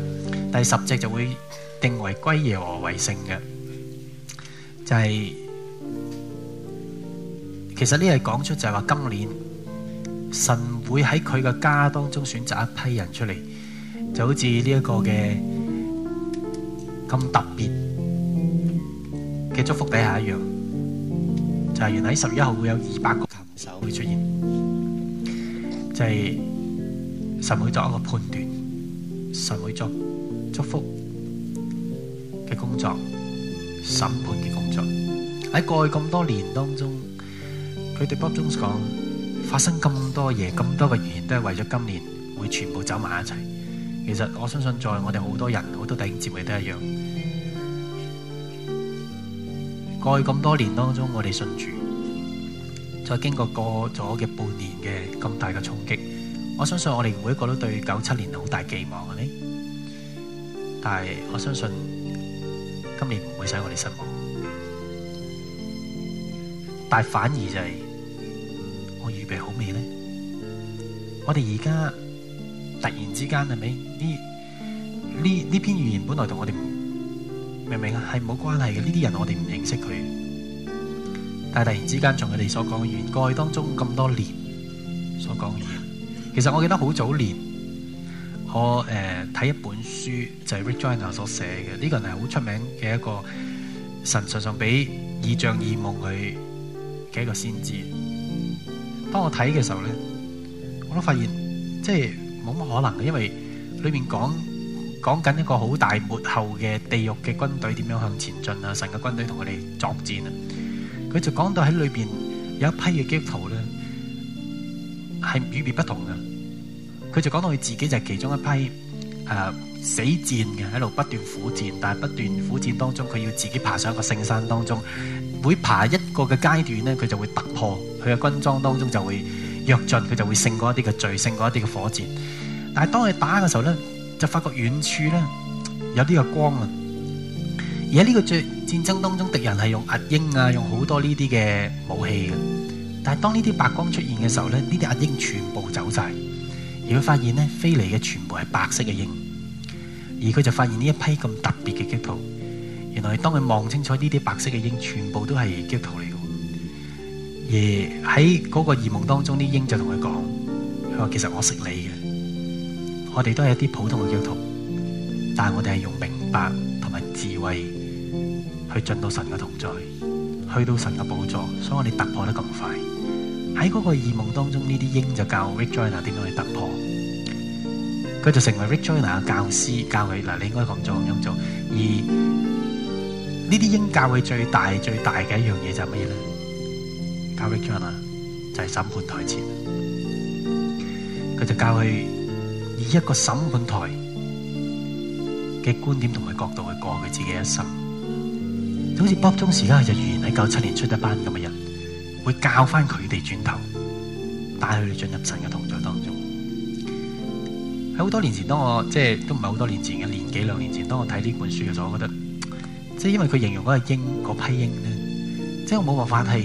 第十隻就會定為歸耶和為聖嘅。就係、是、其實呢係講出就係話今年神會喺佢嘅家當中選擇一批人出嚟。就好似呢一個嘅咁特別嘅祝福底下一樣，就係、是、原嚟喺十一號會有二百個琴手會出現，就係、是、神會作一個判斷，神會作祝福嘅工作、審判嘅工作。喺過去咁多年當中，佢哋 Bob Jones 講發生咁多嘢、咁多嘅預言，都係為咗今年會全部走埋一齊。其實我相信，在我哋好多人、好多弟兄姊妹都一樣。過去咁多年當中，我哋信住，再經過過咗嘅半年嘅咁大嘅衝擊，我相信我哋每一個都對九七年好大寄望，係咪？但係我相信今年唔會使我哋失望。但反而就係、是、我預備好未呢？我哋而家。突然之間，係咪呢呢呢篇預言本來同我哋明唔明啊？係冇關係嘅，呢啲人我哋唔認識佢。但係突然之間，從佢哋所講嘅預言過去當中咁多年所講嘅嘢，其實我記得好早年，我誒睇、呃、一本書就係、是、Rick Joyner 所寫嘅，呢、這個人係好出名嘅一個神常常俾異象異夢佢嘅一個先知。當我睇嘅時候咧，我都發現即係。冇乜可能嘅，因為裏面講講緊一個好大末後嘅地獄嘅軍隊點樣向前進啊！神嘅軍隊同佢哋作戰啊！佢就講到喺裏邊有一批嘅基督徒咧，係與別不同嘅。佢就講到佢自己就係其中一批誒死戰嘅，喺度不斷苦戰，但係不斷苦戰當中，佢要自己爬上一個聖山當中，每爬一個嘅階段咧，佢就會突破佢嘅軍裝當中就會。躍進，佢就會勝過一啲嘅罪，勝過一啲嘅火箭。但係當佢打嘅時候咧，就發覺遠處咧有啲嘅光啊。而喺呢個最戰爭當中，敵人係用阿鷹啊，用好多呢啲嘅武器嘅。但係當呢啲白光出現嘅時候咧，呢啲阿鷹全部走晒，而佢發現咧飛嚟嘅全部係白色嘅鷹。而佢就發現呢一批咁特別嘅擊徒，原來當佢望清楚呢啲白色嘅鷹，全部都係擊徒嚟。而喺嗰個異夢當中，啲鷹就同佢講，佢話其實我識你嘅，我哋都係一啲普通嘅基督徒，但係我哋係用明白同埋智慧去進到神嘅同在，去到神嘅寶座，所以我哋突破得咁快。喺嗰個異夢當中，呢啲鷹就教 Rick Joyner 點樣去突破，佢就成為 Rick Joyner 嘅教師，教佢嗱，你應該咁做，咁樣做。而呢啲鷹教佢最大、最大嘅一樣嘢就係咩咧？啊，就係、是、審判台前，佢就教佢以一個審判台嘅觀點同埋角度去過佢自己一生，就好似 Bob Jones 啦，就預言喺九七年出一班咁嘅人，會教翻佢哋轉頭，帶佢哋進入神嘅同在當中。喺好多年前，當我即係都唔係好多年前嘅年幾兩年前，當我睇呢本書嘅時候，我覺得即係因為佢形容嗰個鷹、嗰批鷹咧，即係我冇辦法係。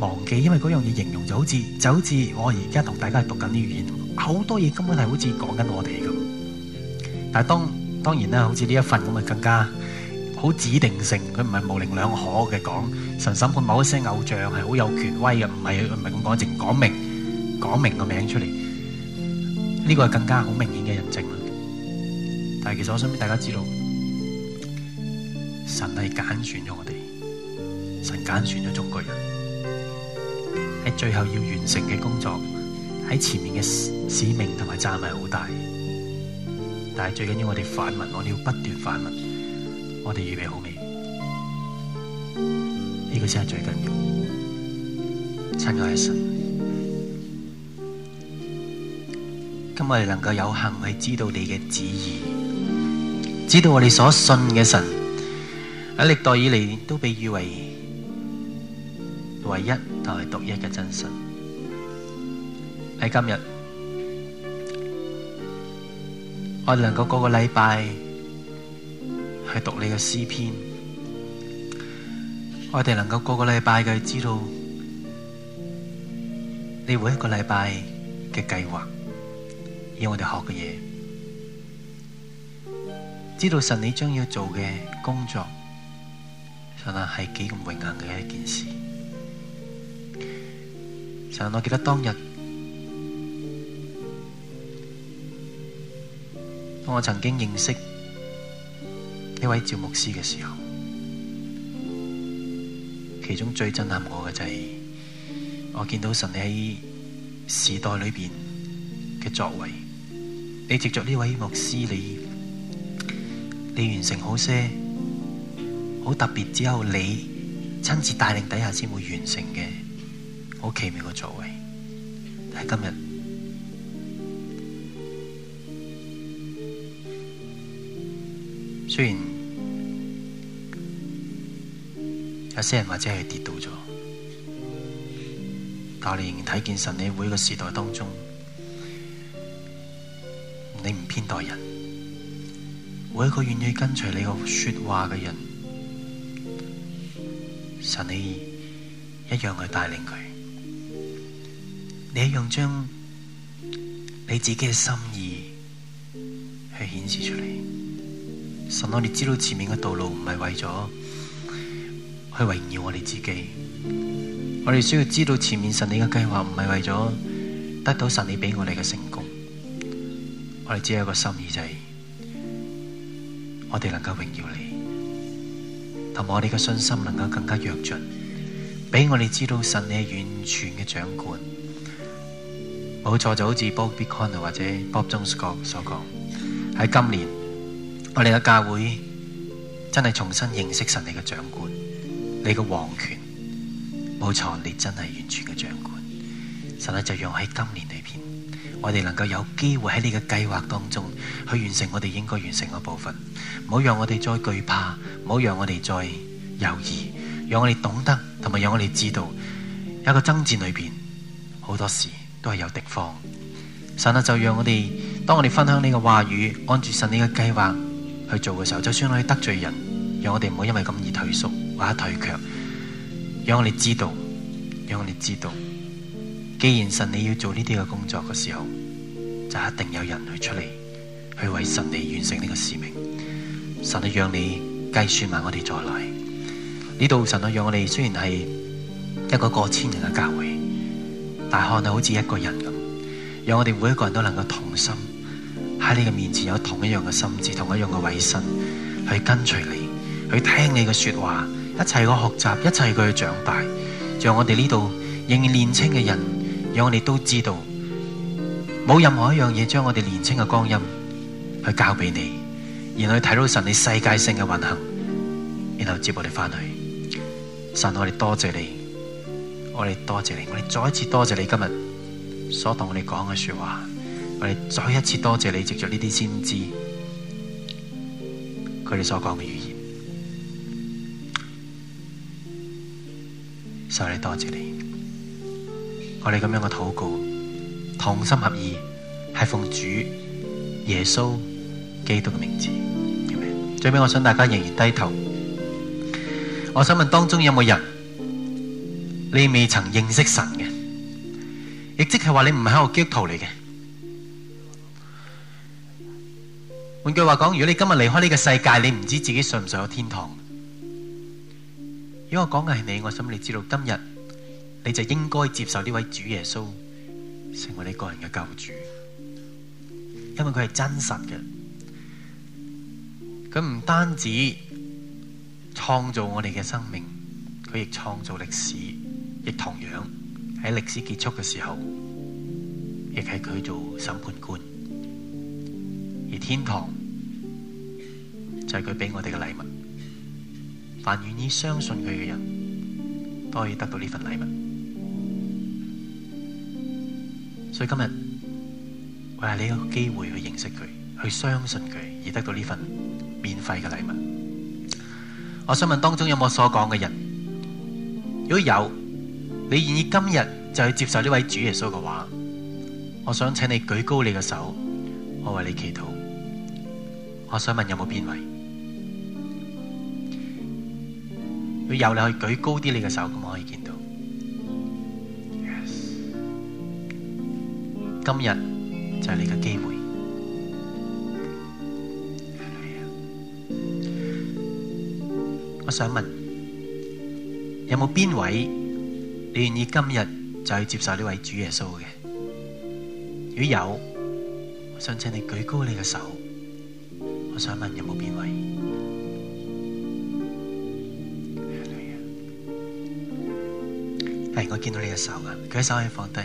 忘記，因為嗰樣嘢，形容就好似，就好似我而家同大家係讀緊啲語言，好多嘢，根本係好似講緊我哋咁。但係當當然啦，好似呢一份咁啊，更加好指定性，佢唔係模棱兩可嘅講。神審判某一些偶像係好有權威嘅，唔係唔係咁講，淨講明講明個名出嚟。呢個係更加好明顯嘅印證。但係其實我想俾大家知道，神係揀選咗我哋，神揀選咗中國人，喺最後要完成嘅工作，喺前面嘅使命同埋責任係好大，但係最緊要我哋反問，我哋要不斷反問，我哋預備好未？呢個先係最緊要。親愛嘅神，今日我哋能夠有幸去知道你嘅旨意，知道我哋所信嘅神喺歷代以嚟都被譽為唯一。係獨一嘅真實。喺今日，我哋能夠個個禮拜係讀你嘅詩篇，我哋能夠個個禮拜嘅知道你每一個禮拜嘅計劃，以我哋學嘅嘢，知道神你將要做嘅工作，神啊係幾咁榮幸嘅一件事。神，我記得當日當我曾經認識呢位趙牧師嘅時候，其中最震撼我嘅就係、是、我見到神喺時代裏邊嘅作為，你藉着呢位牧師你你完成好些好特別，只有你親自帶領底下先會完成嘅好奇妙嘅作為但係今日，雖然有些人或者係跌倒咗，但係你仍然睇見神理會嘅時代當中，你唔偏待人，每一個願意跟隨你嘅說話嘅人，神你一樣去帶領佢。你一樣將你自己嘅心意去顯示出嚟，神，我哋知道前面嘅道路唔係為咗去榮耀我哋自己，我哋需要知道前面神你嘅計劃唔係為咗得到神你俾我哋嘅成功，我哋只有一個心意就係我哋能夠榮耀你，同埋我哋嘅信心能夠更加躍進，俾我哋知道神你係完全嘅掌管。冇錯，就好似 Bobby Conner 或者 Bob Jones 哥所講，喺今年我哋嘅教會真係重新認識神你嘅掌管，你嘅王權冇錯，你真係完全嘅掌管。神啊，就讓喺今年裏面，我哋能夠有機會喺呢個計劃當中去完成我哋應該完成嘅部分。唔好讓我哋再懼怕，唔好讓我哋再猶豫，讓我哋懂得同埋讓我哋知道一個爭戰裏面好多事。都係有敵方，神啊，就讓我哋，當我哋分享呢個話語，按住神呢個計劃去做嘅時候，就算可以得罪人，讓我哋唔好因為咁而退縮或者退卻，讓我哋知道，讓我哋知道，既然神你要做呢啲嘅工作嘅時候，就一定有人去出嚟，去為神嚟完成呢個使命。神啊，讓你計算埋我哋再嚟呢度。神啊，讓我哋雖然係一個過千人嘅教會。大漢就，好似一個人咁，讓我哋每一個人都能夠同心喺你嘅面前，有同一樣嘅心智，同一樣嘅委身去跟隨你，去聽你嘅說話，一切嘅學習，一切去長大，讓我哋呢度仍然年青嘅人，讓我哋都知道冇任何一樣嘢將我哋年青嘅光陰去交俾你，然後去睇到神你世界性嘅運行，然後接我哋翻去，神我哋多謝你。我哋多謝你，我哋再一次多謝你今日所同我哋講嘅說話，我哋再一次多謝你藉着呢啲先知佢哋所講嘅語言。所以你，多謝你。我哋咁樣嘅禱告，同心合意，係奉主耶穌基督嘅名字。Amen. 最尾，我想大家仍然低頭。我想問當中有冇人？你未曾認識神嘅，亦即係話你唔係一個基督徒嚟嘅。換句話講，如果你今日離開呢個世界，你唔知自己上唔上到天堂。如果我講嘅係你，我想你知道今日你就應該接受呢位主耶穌成為你個人嘅救主，因為佢係真實嘅。佢唔單止創造我哋嘅生命，佢亦創造歷史。亦同樣喺歷史結束嘅時候，亦係佢做審判官，而天堂就係佢畀我哋嘅禮物。凡願意相信佢嘅人，都可以得到呢份禮物。所以今日我係呢有機會去認識佢，去相信佢，而得到呢份免費嘅禮物。我想問當中有冇所講嘅人？如果有？你願意今日就去接受呢位主耶穌嘅話，我想請你舉高你嘅手，我為你祈禱。我想問有冇邊位？要由你去舉高啲你嘅手，咁我可以見到。Yes. 今日就係你嘅機會。Yes. 我想問有冇邊位？你願意今日就去接受呢位主耶穌嘅？如果有，我想請你舉高你嘅手，我想問有冇邊位？係、哎、呀我見到你嘅手嘅，舉手可以放低，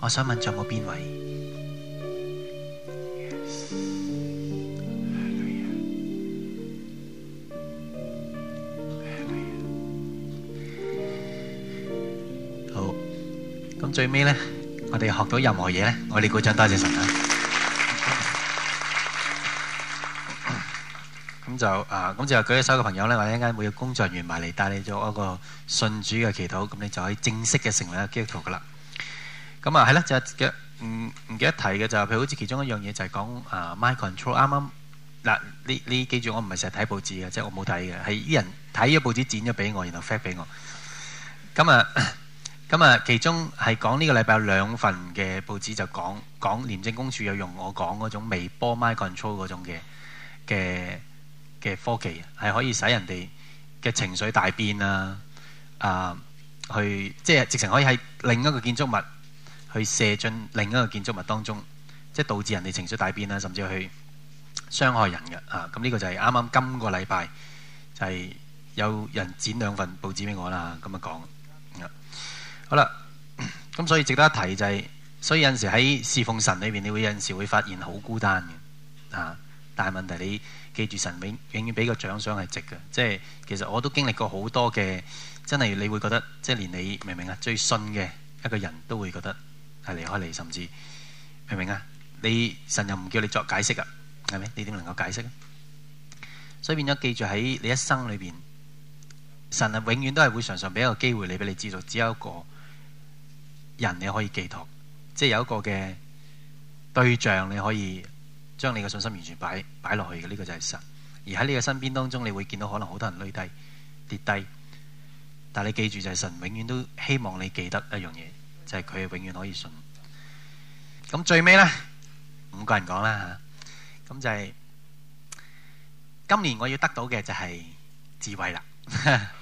我想問仲有冇邊位？最尾咧，我哋學到任何嘢咧，我哋鼓掌，多謝神啊！咁就啊，咁就舉起手嘅朋友咧，或者依家每個工作人員埋嚟帶你做一個信主嘅祈禱，咁你就可以正式嘅成為一個基督徒噶啦。咁啊，係啦，就唔唔記得提嘅就係，譬如好似其中一樣嘢就係講啊，my control 啱啱嗱，你你記住，我唔係成日睇報紙嘅，即係我冇睇嘅，係啲人睇咗報紙剪咗俾我，然後發俾我。咁啊。咁啊，其中係講呢個禮拜有兩份嘅報紙就講講廉政公署有用我講嗰種微波 microcontrol 嗰種嘅嘅嘅科技，係可以使人哋嘅情緒大變啊，啊，去即係直情可以喺另一個建築物去射進另一個建築物當中，即係導致人哋情緒大變啦，甚至去傷害人嘅啊。咁呢個就係啱啱今個禮拜就係有人剪兩份報紙俾我啦，咁樣講。好啦，咁所以值得一提就係，所以有陣時喺侍奉神裏邊，你會有陣時會發現好孤單嘅，啊！但係問題你記住神永永遠俾個獎賞係值嘅，即係其實我都經歷過好多嘅，真係你會覺得即係連你明唔明啊？最信嘅一個人都會覺得係離開你，甚至明唔明啊？你神又唔叫你作解釋噶，係咪？你點能夠解釋咧？所以變咗記住喺你一生裏邊，神係永遠都係會常常俾一個機會你俾你知道，只有一個。人你可以寄託，即係有一個嘅對象，你可以將你嘅信心完全擺擺落去嘅，呢個就係神。而喺你嘅身邊當中，你會見到可能好多人累低、跌低，但你記住就係神，永遠都希望你記得一樣嘢，就係佢永遠可以信。咁最尾呢，五個人講啦吓，咁就係今年我要得到嘅就係智慧啦。